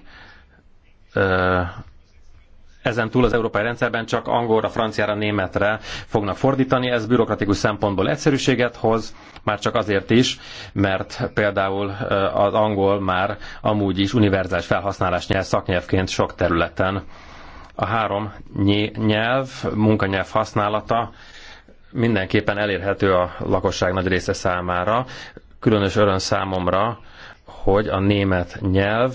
ezen túl az európai rendszerben csak angolra, franciára, németre fognak fordítani. Ez bürokratikus szempontból egyszerűséget hoz, már csak azért is, mert például az angol már amúgy is univerzális felhasználás nyelv szaknyelvként sok területen. A három nyelv, munkanyelv használata mindenképpen elérhető a lakosság nagy része számára. Különös öröm számomra, hogy a német nyelv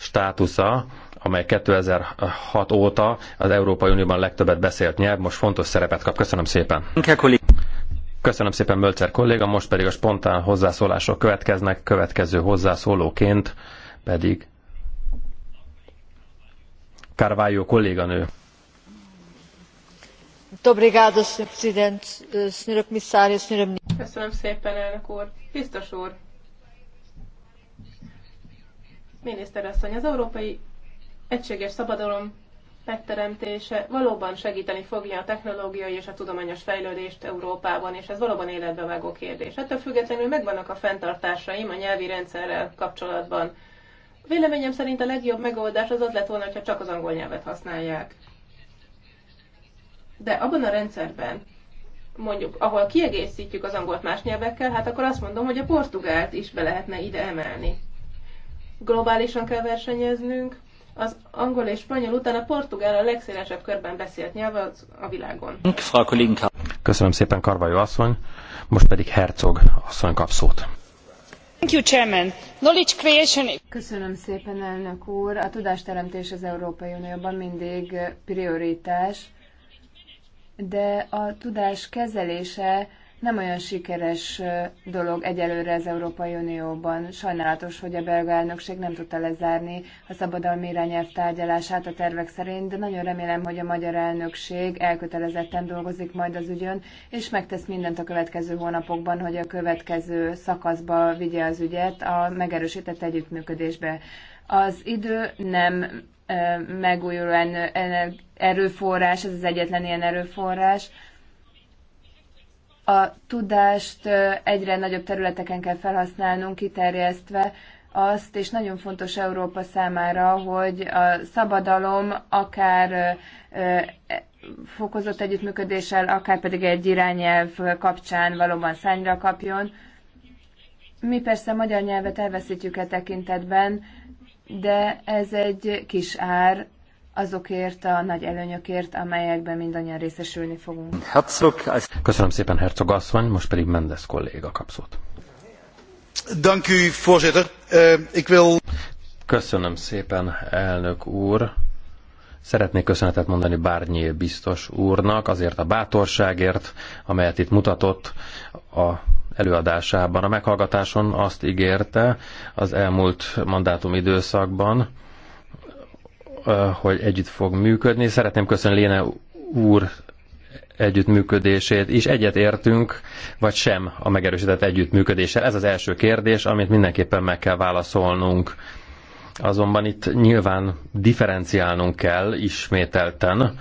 státusza amely 2006 óta az Európai Unióban legtöbbet beszélt nyelv, most fontos szerepet kap. Köszönöm szépen. Köszönöm szépen, Mölcer kolléga. Most pedig a spontán hozzászólások következnek, következő hozzászólóként pedig Carvalho kolléganő. Köszönöm szépen, elnök úr. Biztos úr. Miniszter asszony, az Európai egységes szabadalom megteremtése valóban segíteni fogja a technológiai és a tudományos fejlődést Európában, és ez valóban életbe vágó kérdés. Ettől függetlenül megvannak a fenntartásaim a nyelvi rendszerrel kapcsolatban. Véleményem szerint a legjobb megoldás az az lett volna, ha csak az angol nyelvet használják. De abban a rendszerben, mondjuk, ahol kiegészítjük az angolt más nyelvekkel, hát akkor azt mondom, hogy a portugált is be lehetne ide emelni. Globálisan kell versenyeznünk, az angol és spanyol után a portugál a legszélesebb körben beszélt nyelv a világon. Köszönöm szépen, Karvajó asszony. Most pedig Herzog asszony kap szót. Köszönöm szépen, elnök úr. A tudásteremtés az Európai Unióban mindig prioritás, de a tudás kezelése nem olyan sikeres dolog egyelőre az Európai Unióban. Sajnálatos, hogy a belga elnökség nem tudta lezárni a szabadalmi irányelv tárgyalását a tervek szerint, de nagyon remélem, hogy a magyar elnökség elkötelezetten dolgozik majd az ügyön, és megtesz mindent a következő hónapokban, hogy a következő szakaszba vigye az ügyet a megerősített együttműködésbe. Az idő nem megújuló erőforrás, ez az egyetlen ilyen erőforrás, a tudást egyre nagyobb területeken kell felhasználnunk, kiterjesztve azt, és nagyon fontos Európa számára, hogy a szabadalom akár e, fokozott együttműködéssel, akár pedig egy irányelv kapcsán valóban szányra kapjon. Mi persze a magyar nyelvet elveszítjük e tekintetben, de ez egy kis ár azokért a nagy előnyökért, amelyekben mindannyian részesülni fogunk. Köszönöm szépen, Herzog asszony, most pedig Mendes kolléga kap szót. Eh, Köszönöm szépen, elnök úr. Szeretnék köszönetet mondani Bárnyi biztos úrnak azért a bátorságért, amelyet itt mutatott a előadásában. A meghallgatáson azt ígérte az elmúlt mandátum időszakban, hogy együtt fog működni. Szeretném köszönni Léne úr együttműködését is értünk vagy sem a megerősített együttműködéssel? Ez az első kérdés, amit mindenképpen meg kell válaszolnunk. Azonban itt nyilván differenciálnunk kell ismételten,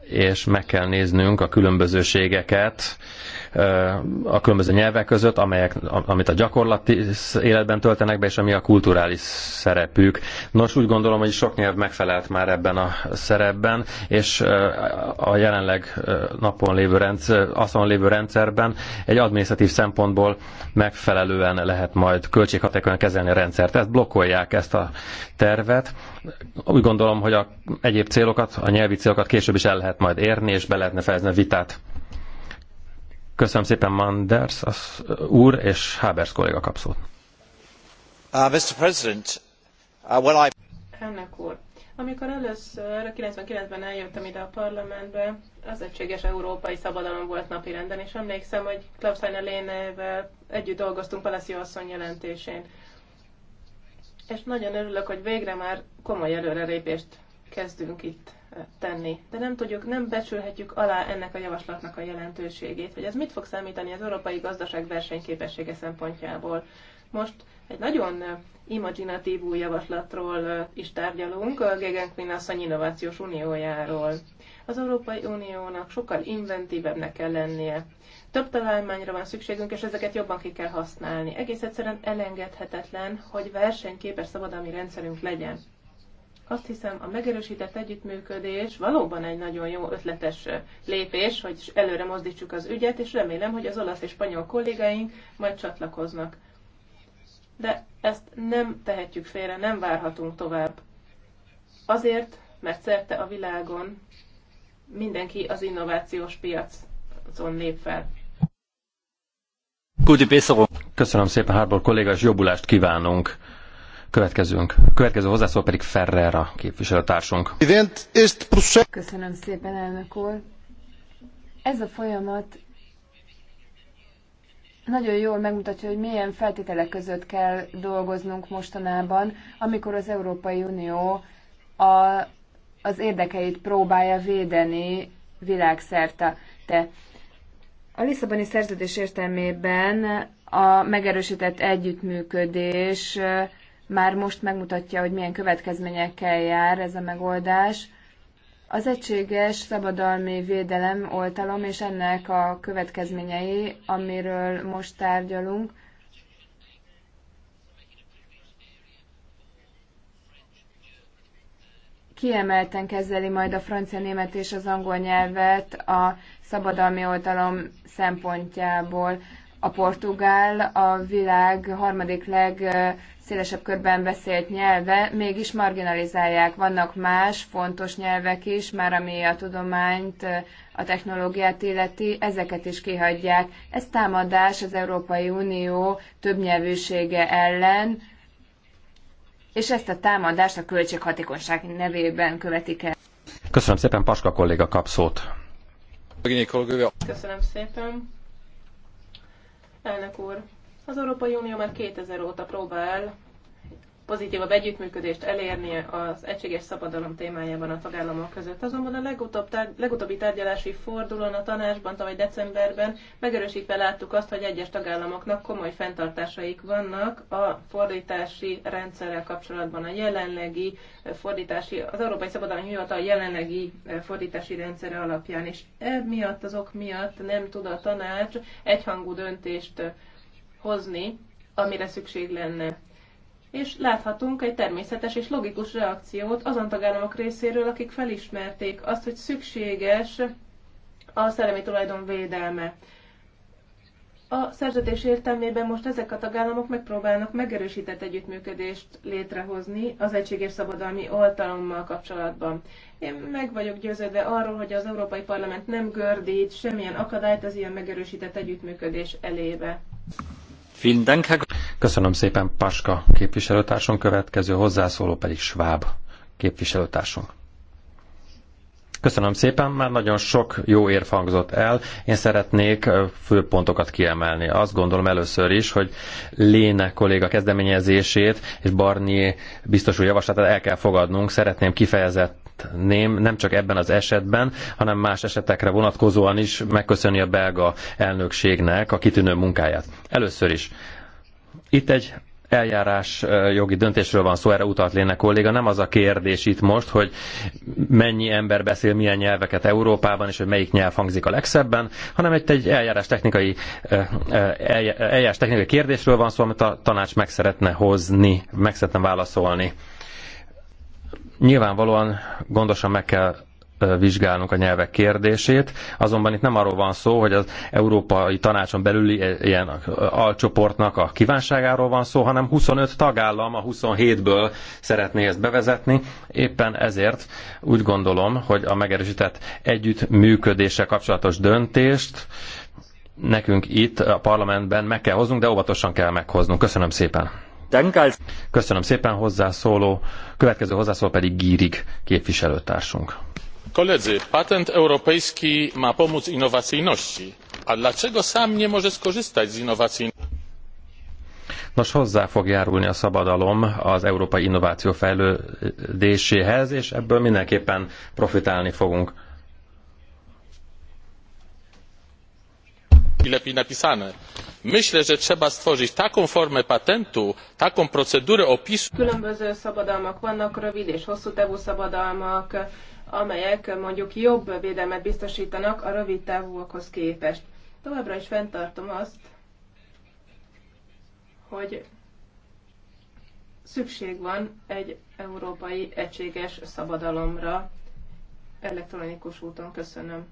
és meg kell néznünk a különbözőségeket, a különböző nyelvek között, amelyek, amit a gyakorlati életben töltenek be, és ami a kulturális szerepük. Nos, úgy gondolom, hogy sok nyelv megfelelt már ebben a szerepben, és a jelenleg napon lévő rendszer, asztalon lévő rendszerben egy adminisztratív szempontból megfelelően lehet majd költséghatékonyan kezelni a rendszert. Ezt blokkolják ezt a tervet. Úgy gondolom, hogy a egyéb célokat, a nyelvi célokat később is el lehet majd érni, és be lehetne fejezni a vitát. Köszönöm szépen Manders az uh, úr és Habers kolléga kapszót. Uh, Mr. President, uh, well I... Elnök úr, amikor először 99-ben eljöttem ide a parlamentbe, az egységes európai szabadalom volt napirenden, és emlékszem, hogy Klaus-Heiner Lénevel együtt dolgoztunk Palacio asszony jelentésén. És nagyon örülök, hogy végre már komoly előrelépést kezdünk itt tenni. De nem tudjuk, nem becsülhetjük alá ennek a javaslatnak a jelentőségét, hogy ez mit fog számítani az európai gazdaság versenyképessége szempontjából. Most egy nagyon imaginatív új javaslatról is tárgyalunk, a Gegenkvin asszony innovációs uniójáról. Az Európai Uniónak sokkal inventívebbnek kell lennie. Több találmányra van szükségünk, és ezeket jobban ki kell használni. Egész egyszerűen elengedhetetlen, hogy versenyképes szabadalmi rendszerünk legyen. Azt hiszem, a megerősített együttműködés valóban egy nagyon jó ötletes lépés, hogy előre mozdítsuk az ügyet, és remélem, hogy az olasz és spanyol kollégáink majd csatlakoznak. De ezt nem tehetjük félre, nem várhatunk tovább. Azért, mert szerte a világon mindenki az innovációs piacon lép fel. Köszönöm szépen, Harbor kolléga, és jobbulást kívánunk! Következőnk. Következő hozzászól pedig Ferrera képviselőtársunk. Köszönöm szépen, elnök úr. Ez a folyamat nagyon jól megmutatja, hogy milyen feltételek között kell dolgoznunk mostanában, amikor az Európai Unió a, az érdekeit próbálja védeni világszerte. Te. A Lisszaboni szerződés értelmében a megerősített együttműködés már most megmutatja, hogy milyen következményekkel jár ez a megoldás. Az egységes szabadalmi védelem oltalom és ennek a következményei, amiről most tárgyalunk, kiemelten kezeli majd a francia, német és az angol nyelvet a szabadalmi oltalom szempontjából. A portugál a világ harmadik leg szélesebb körben beszélt nyelve, mégis marginalizálják. Vannak más fontos nyelvek is, már ami a tudományt, a technológiát illeti, ezeket is kihagyják. Ez támadás az Európai Unió többnyelvűsége ellen, és ezt a támadást a költséghatékonyság nevében követik el. Köszönöm szépen, Paska kolléga kap szót. Köszönöm szépen. Elnök úr, az Európai Unió már 2000 óta próbál pozitívabb együttműködést elérni az egységes szabadalom témájában a tagállamok között. Azonban a legutóbb tár- legutóbbi tárgyalási fordulón a tanácsban tavaly decemberben megerősítve láttuk azt, hogy egyes tagállamoknak komoly fenntartásaik vannak a fordítási rendszerrel kapcsolatban. A jelenlegi fordítási, az Európai Szabadalom Hivatal jelenlegi fordítási rendszere alapján, és emiatt az ok miatt nem tud a tanács egyhangú döntést hozni, amire szükség lenne. És láthatunk egy természetes és logikus reakciót azon tagállamok részéről, akik felismerték azt, hogy szükséges a szellemi tulajdon védelme. A szerződés értelmében most ezek a tagállamok megpróbálnak megerősített együttműködést létrehozni az és szabadalmi oltalommal kapcsolatban. Én meg vagyok győződve arról, hogy az Európai Parlament nem gördít semmilyen akadályt az ilyen megerősített együttműködés elébe. Köszönöm szépen Paska képviselőtársunk, következő hozzászóló pedig Schwab képviselőtársunk. Köszönöm szépen, már nagyon sok jó érv hangzott el. Én szeretnék főpontokat kiemelni. Azt gondolom először is, hogy Léne kolléga kezdeményezését és Barnier biztos úr javaslatát el kell fogadnunk. Szeretném kifejezett szeretném nem csak ebben az esetben, hanem más esetekre vonatkozóan is megköszönni a belga elnökségnek a kitűnő munkáját. Először is. Itt egy eljárás jogi döntésről van szó, erre utalt léne kolléga. Nem az a kérdés itt most, hogy mennyi ember beszél milyen nyelveket Európában, és hogy melyik nyelv hangzik a legszebben, hanem egy egy eljárás technikai, eljárás technikai kérdésről van szó, amit a tanács meg szeretne hozni, meg szeretne válaszolni. Nyilvánvalóan gondosan meg kell vizsgálnunk a nyelvek kérdését, azonban itt nem arról van szó, hogy az Európai Tanácson belüli e, ilyen alcsoportnak a kívánságáról van szó, hanem 25 tagállam a 27-ből szeretné ezt bevezetni. Éppen ezért úgy gondolom, hogy a megerősített együttműködéssel kapcsolatos döntést nekünk itt a parlamentben meg kell hoznunk, de óvatosan kell meghoznunk. Köszönöm szépen! Köszönöm szépen hozzászóló. Következő hozzászól pedig Gírig képviselőtársunk. Koledzy, patent europejski ma pomóc innowacyjności. A dlaczego sam nie może skorzystać z innowacyjności? Nos, hozzá fog járulni a szabadalom az európai innováció fejlődéséhez, és ebből mindenképpen profitálni fogunk. lepiej napisane. myślę że trzeba stworzyć taką formę patentu taką procedurę opisu. különböző szabadalmak vannak rövid és hosszú távú szabadalmak amelyek mondjuk jobb védelmet biztosítanak a rövid távúakhoz képest. Továbbra is fenntartom azt, hogy szükség van egy európai egységes szabadalomra elektronikus úton. Köszönöm.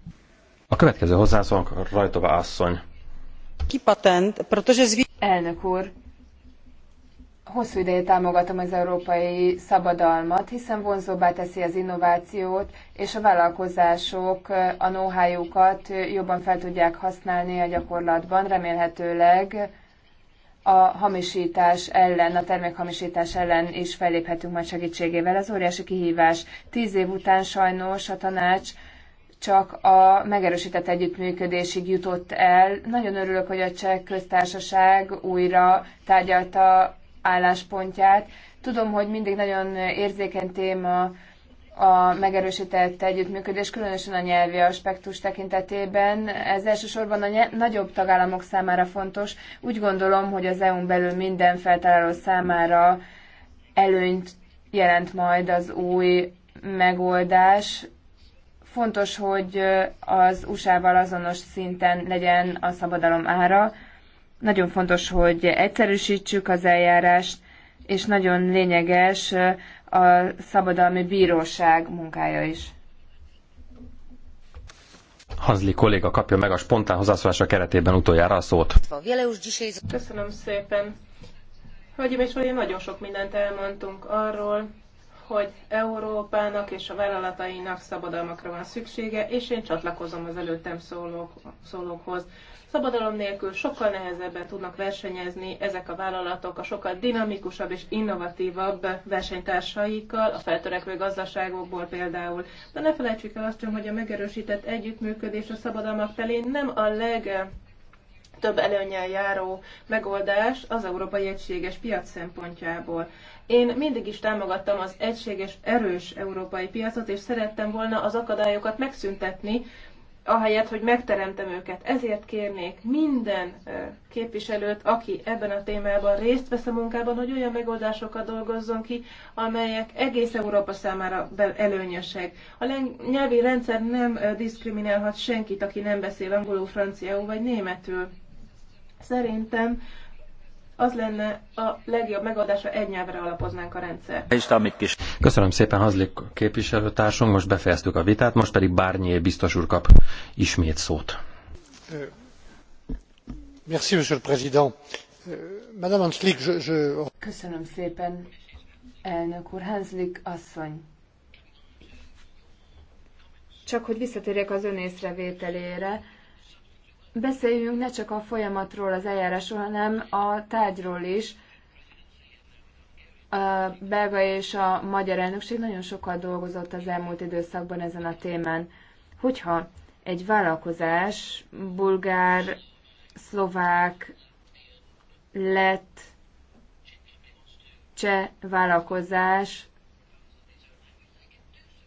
A következő hozzászólónk Rajtova asszony. Elnök úr, hosszú ideje támogatom az európai szabadalmat, hiszen vonzóbbá teszi az innovációt, és a vállalkozások a know jobban fel tudják használni a gyakorlatban, remélhetőleg a hamisítás ellen, a termékhamisítás ellen is felléphetünk majd segítségével. Ez óriási kihívás. Tíz év után sajnos a tanács csak a megerősített együttműködésig jutott el. Nagyon örülök, hogy a cseh köztársaság újra tárgyalta álláspontját. Tudom, hogy mindig nagyon érzékeny téma a megerősített együttműködés, különösen a nyelvi aspektus tekintetében. Ez elsősorban a nagyobb tagállamok számára fontos. Úgy gondolom, hogy az EU-n belül minden feltáráló számára előnyt jelent majd az új megoldás. Fontos, hogy az USA-val azonos szinten legyen a szabadalom ára. Nagyon fontos, hogy egyszerűsítsük az eljárást, és nagyon lényeges a szabadalmi bíróság munkája is. Hazli kolléga kapja meg a spontán hozzászólása keretében utoljára a szót. Köszönöm szépen. Hölgyeim és uraim, nagyon sok mindent elmondtunk arról, hogy Európának és a vállalatainak szabadalmakra van szüksége, és én csatlakozom az előttem szólók, szólókhoz. Szabadalom nélkül sokkal nehezebben tudnak versenyezni ezek a vállalatok a sokkal dinamikusabb és innovatívabb versenytársaikkal, a feltörekvő gazdaságokból például. De ne felejtsük el azt sem, hogy a megerősített együttműködés a szabadalmak felé nem a leg több előnyel járó megoldás az európai egységes piac szempontjából. Én mindig is támogattam az egységes, erős európai piacot, és szerettem volna az akadályokat megszüntetni, ahelyett, hogy megteremtem őket. Ezért kérnék minden képviselőt, aki ebben a témában részt vesz a munkában, hogy olyan megoldásokat dolgozzon ki, amelyek egész Európa számára előnyösek. A nyelvi rendszer nem diszkriminálhat senkit, aki nem beszél angolul, franciául vagy németül. Szerintem az lenne a legjobb megoldás ha egy nyelvre alapoznánk a rendszer. Köszönöm szépen Hazlik képviselőtársunk, most befejeztük a vitát, most pedig Bárnyé biztos úr kap ismét szót. Euh, merci, monsieur le président. Euh, Madame Hanslik, je, je... Köszönöm szépen, elnök úr. Hanslik asszony. Csak hogy visszatérjek az ön észrevételére, beszéljünk ne csak a folyamatról, az eljárásról, hanem a tárgyról is. A belga és a magyar elnökség nagyon sokat dolgozott az elmúlt időszakban ezen a témán. Hogyha egy vállalkozás bulgár, szlovák, lett, cseh vállalkozás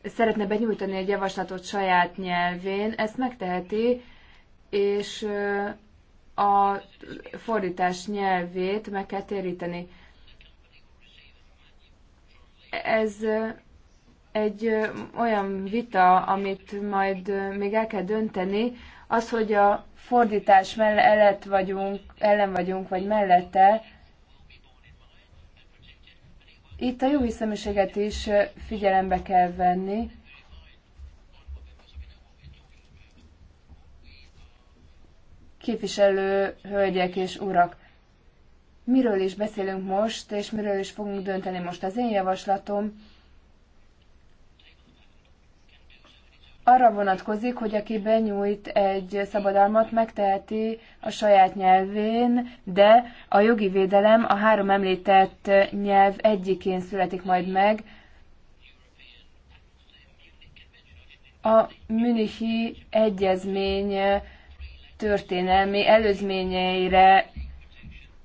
szeretne benyújtani egy javaslatot saját nyelvén, ezt megteheti, és a fordítás nyelvét meg kell téríteni. Ez egy olyan vita, amit majd még el kell dönteni, az, hogy a fordítás mellett vagyunk, ellen vagyunk, vagy mellette, itt a jó hiszeműséget is figyelembe kell venni, képviselő hölgyek és urak. Miről is beszélünk most, és miről is fogunk dönteni most? Az én javaslatom arra vonatkozik, hogy aki benyújt egy szabadalmat, megteheti a saját nyelvén, de a jogi védelem a három említett nyelv egyikén születik majd meg. A Münichi Egyezmény történelmi előzményeire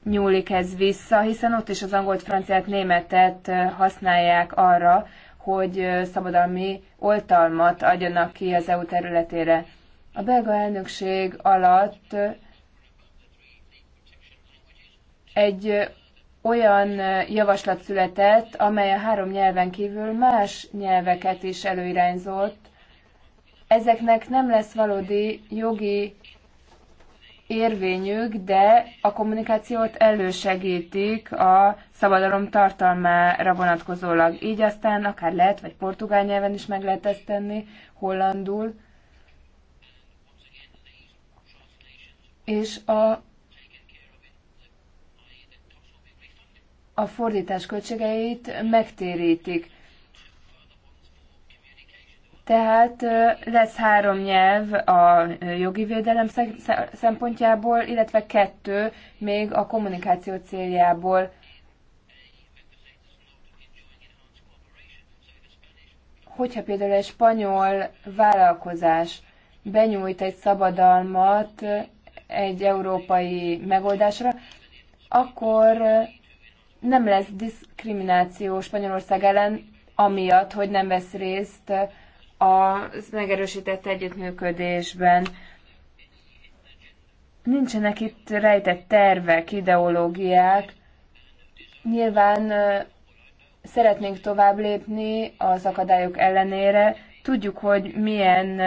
nyúlik ez vissza, hiszen ott is az angolt, franciát, németet használják arra, hogy szabadalmi oltalmat adjanak ki az EU területére. A belga elnökség alatt egy olyan javaslat született, amely a három nyelven kívül más nyelveket is előirányzott. Ezeknek nem lesz valódi jogi érvényük, de a kommunikációt elősegítik a szabadalom tartalmára vonatkozólag. Így aztán akár lehet, vagy portugál nyelven is meg lehet ezt tenni, hollandul. És a, a fordítás költségeit megtérítik. Tehát lesz három nyelv a jogi védelem szempontjából, illetve kettő még a kommunikáció céljából. Hogyha például egy spanyol vállalkozás benyújt egy szabadalmat egy európai megoldásra, akkor nem lesz diszkrimináció Spanyolország ellen, amiatt, hogy nem vesz részt a megerősített együttműködésben. Nincsenek itt rejtett tervek, ideológiák. Nyilván szeretnénk tovább lépni az akadályok ellenére. Tudjuk, hogy milyen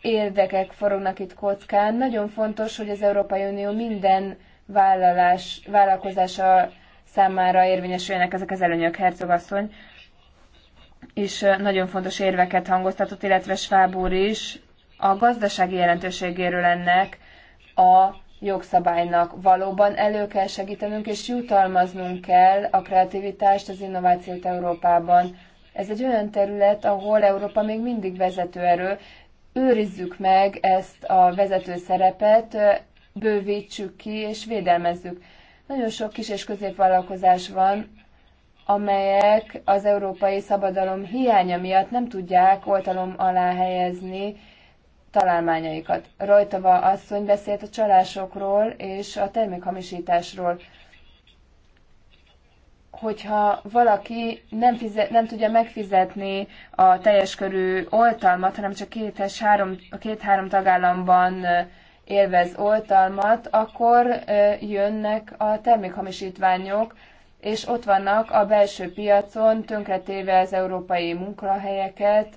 érdekek forognak itt kockán. Nagyon fontos, hogy az Európai Unió minden vállalás, vállalkozása számára érvényesüljenek ezek az előnyök, hercogasszony is nagyon fontos érveket hangoztatott, illetve Schwab úr is, a gazdasági jelentőségéről ennek a jogszabálynak. Valóban elő kell segítenünk és jutalmaznunk kell a kreativitást, az innovációt Európában. Ez egy olyan terület, ahol Európa még mindig vezető erő Őrizzük meg ezt a vezető szerepet, bővítsük ki és védelmezzük. Nagyon sok kis és középvállalkozás van, amelyek az európai szabadalom hiánya miatt nem tudják oltalom alá helyezni találmányaikat. Rajtava asszony beszélt a csalásokról és a termékhamisításról. Hogyha valaki nem, fizet, nem tudja megfizetni a teljes körű oltalmat, hanem csak két-három két, három tagállamban élvez oltalmat, akkor jönnek a termékhamisítványok, és ott vannak a belső piacon, tönkretéve az európai munkahelyeket,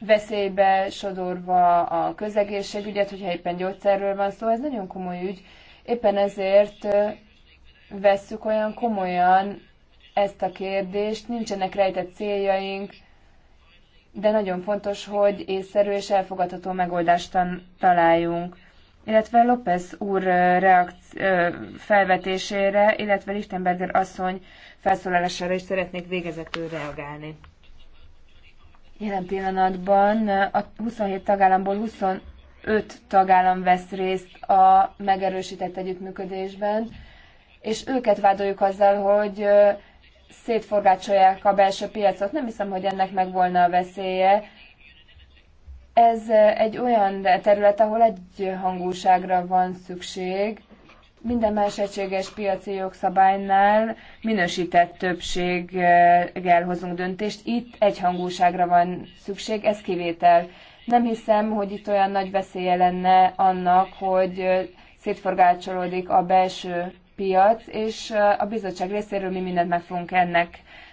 veszélybe sodorva a közegészségügyet, hogyha éppen gyógyszerről van szó, ez nagyon komoly ügy. Éppen ezért vesszük olyan komolyan ezt a kérdést, nincsenek rejtett céljaink, de nagyon fontos, hogy észszerű és elfogadható megoldást találjunk illetve López úr reakci- felvetésére, illetve Lichtenberger asszony felszólalására is szeretnék végezetül reagálni. Jelen pillanatban a 27 tagállamból 25 tagállam vesz részt a megerősített együttműködésben, és őket vádoljuk azzal, hogy szétforgácsolják a belső piacot. Nem hiszem, hogy ennek meg volna a veszélye ez egy olyan terület, ahol egy hangúságra van szükség. Minden más egységes piaci jogszabálynál minősített többséggel hozunk döntést. Itt egy hangúságra van szükség, ez kivétel. Nem hiszem, hogy itt olyan nagy veszélye lenne annak, hogy szétforgácsolódik a belső piac, és a bizottság részéről mi mindent meg fogunk ennek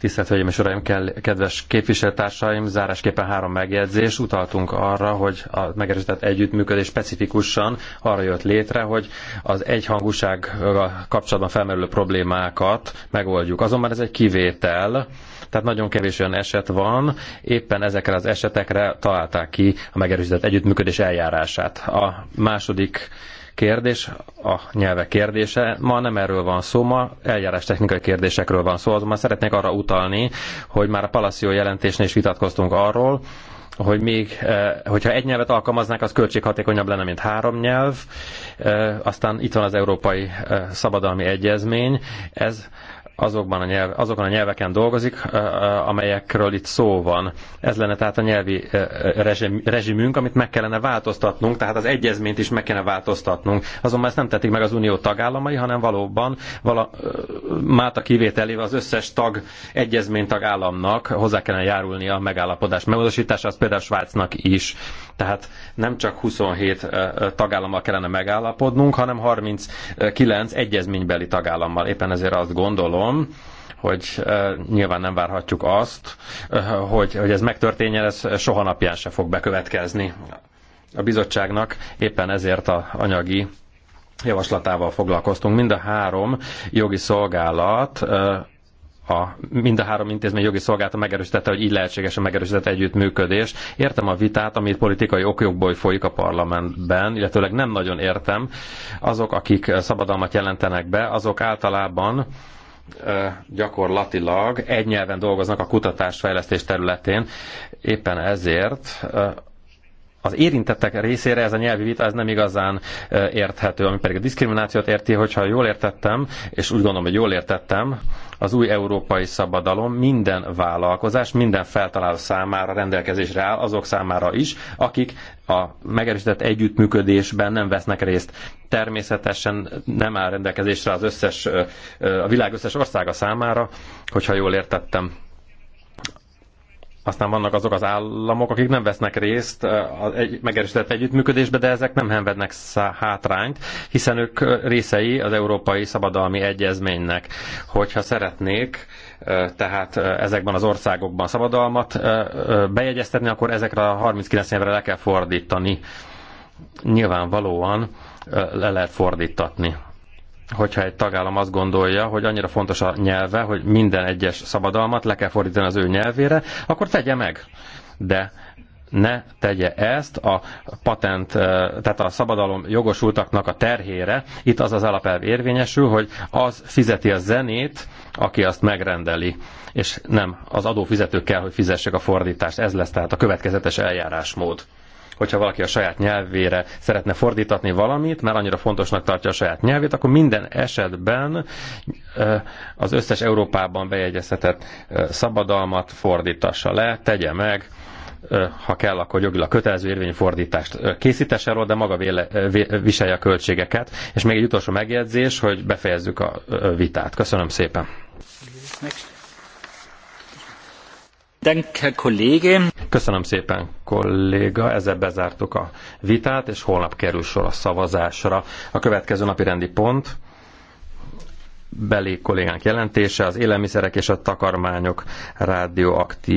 Tisztelt Hölgyeim és Uraim, kedves képviselőtársaim, zárásképpen három megjegyzés. Utaltunk arra, hogy a megerősített együttműködés specifikusan arra jött létre, hogy az egyhangúság kapcsolatban felmerülő problémákat megoldjuk. Azonban ez egy kivétel, tehát nagyon kevés olyan eset van, éppen ezekre az esetekre találták ki a megerősített együttműködés eljárását. A második kérdés, a nyelve kérdése. Ma nem erről van szó, ma eljárás technikai kérdésekről van szó. Azonban szeretnék arra utalni, hogy már a Palacio jelentésnél is vitatkoztunk arról, hogy még, eh, hogyha egy nyelvet alkalmaznák, az költséghatékonyabb lenne, mint három nyelv. Eh, aztán itt van az Európai eh, Szabadalmi Egyezmény. Ez azokban a nyelv, azokon a nyelveken dolgozik, amelyekről itt szó van. Ez lenne tehát a nyelvi rezsim, rezsimünk, amit meg kellene változtatnunk, tehát az egyezményt is meg kellene változtatnunk. Azonban ezt nem tették meg az unió tagállamai, hanem valóban vala, Máta kivételével az összes tag egyezménytag államnak hozzá kellene járulnia a megállapodás megmozosítása, az például Svájcnak is. Tehát nem csak 27 tagállammal kellene megállapodnunk, hanem 39 egyezménybeli tagállammal. Éppen ezért azt gondolom, hogy nyilván nem várhatjuk azt, hogy, hogy ez megtörténjen, ez soha napján se fog bekövetkezni. A bizottságnak éppen ezért a anyagi javaslatával foglalkoztunk. Mind a három jogi szolgálat a, mind a három intézmény jogi szolgálata megerősítette, hogy így lehetséges a megerősített együttműködés. Értem a vitát, amit politikai okjogból folyik a parlamentben, illetőleg nem nagyon értem. Azok, akik szabadalmat jelentenek be, azok általában gyakorlatilag egy nyelven dolgoznak a kutatásfejlesztés területén. Éppen ezért az érintettek részére ez a nyelvi vita ez nem igazán érthető, ami pedig a diszkriminációt érti, hogyha jól értettem, és úgy gondolom, hogy jól értettem, az új európai szabadalom minden vállalkozás, minden feltaláló számára rendelkezésre áll, azok számára is, akik a megerősített együttműködésben nem vesznek részt. Természetesen nem áll rendelkezésre az összes, a világ összes országa számára, hogyha jól értettem. Aztán vannak azok az államok, akik nem vesznek részt az egy, megerősített együttműködésbe, de ezek nem henvednek hátrányt, hiszen ők részei az Európai Szabadalmi Egyezménynek. Hogyha szeretnék, tehát ezekben az országokban szabadalmat bejegyeztetni, akkor ezekre a 39 évre le kell fordítani. Nyilvánvalóan le lehet fordítatni hogyha egy tagállam azt gondolja, hogy annyira fontos a nyelve, hogy minden egyes szabadalmat le kell fordítani az ő nyelvére, akkor tegye meg. De ne tegye ezt a patent, eh, tehát a szabadalom jogosultaknak a terhére. Itt az az alapelv érvényesül, hogy az fizeti a zenét, aki azt megrendeli, és nem az adófizetők kell, hogy fizessék a fordítást. Ez lesz tehát a következetes eljárásmód hogyha valaki a saját nyelvére szeretne fordítatni valamit, mert annyira fontosnak tartja a saját nyelvét, akkor minden esetben az összes Európában bejegyeztetett szabadalmat fordítassa le, tegye meg, ha kell, akkor jogilag kötelező érvényű fordítást készítes erről, de maga véle, viselje a költségeket. És még egy utolsó megjegyzés, hogy befejezzük a vitát. Köszönöm szépen. Next. Köszönöm szépen, kolléga. Ezzel bezártuk a vitát, és holnap kerül sor a szavazásra. A következő napi rendi pont belé kollégánk jelentése, az élelmiszerek és a takarmányok rádióaktív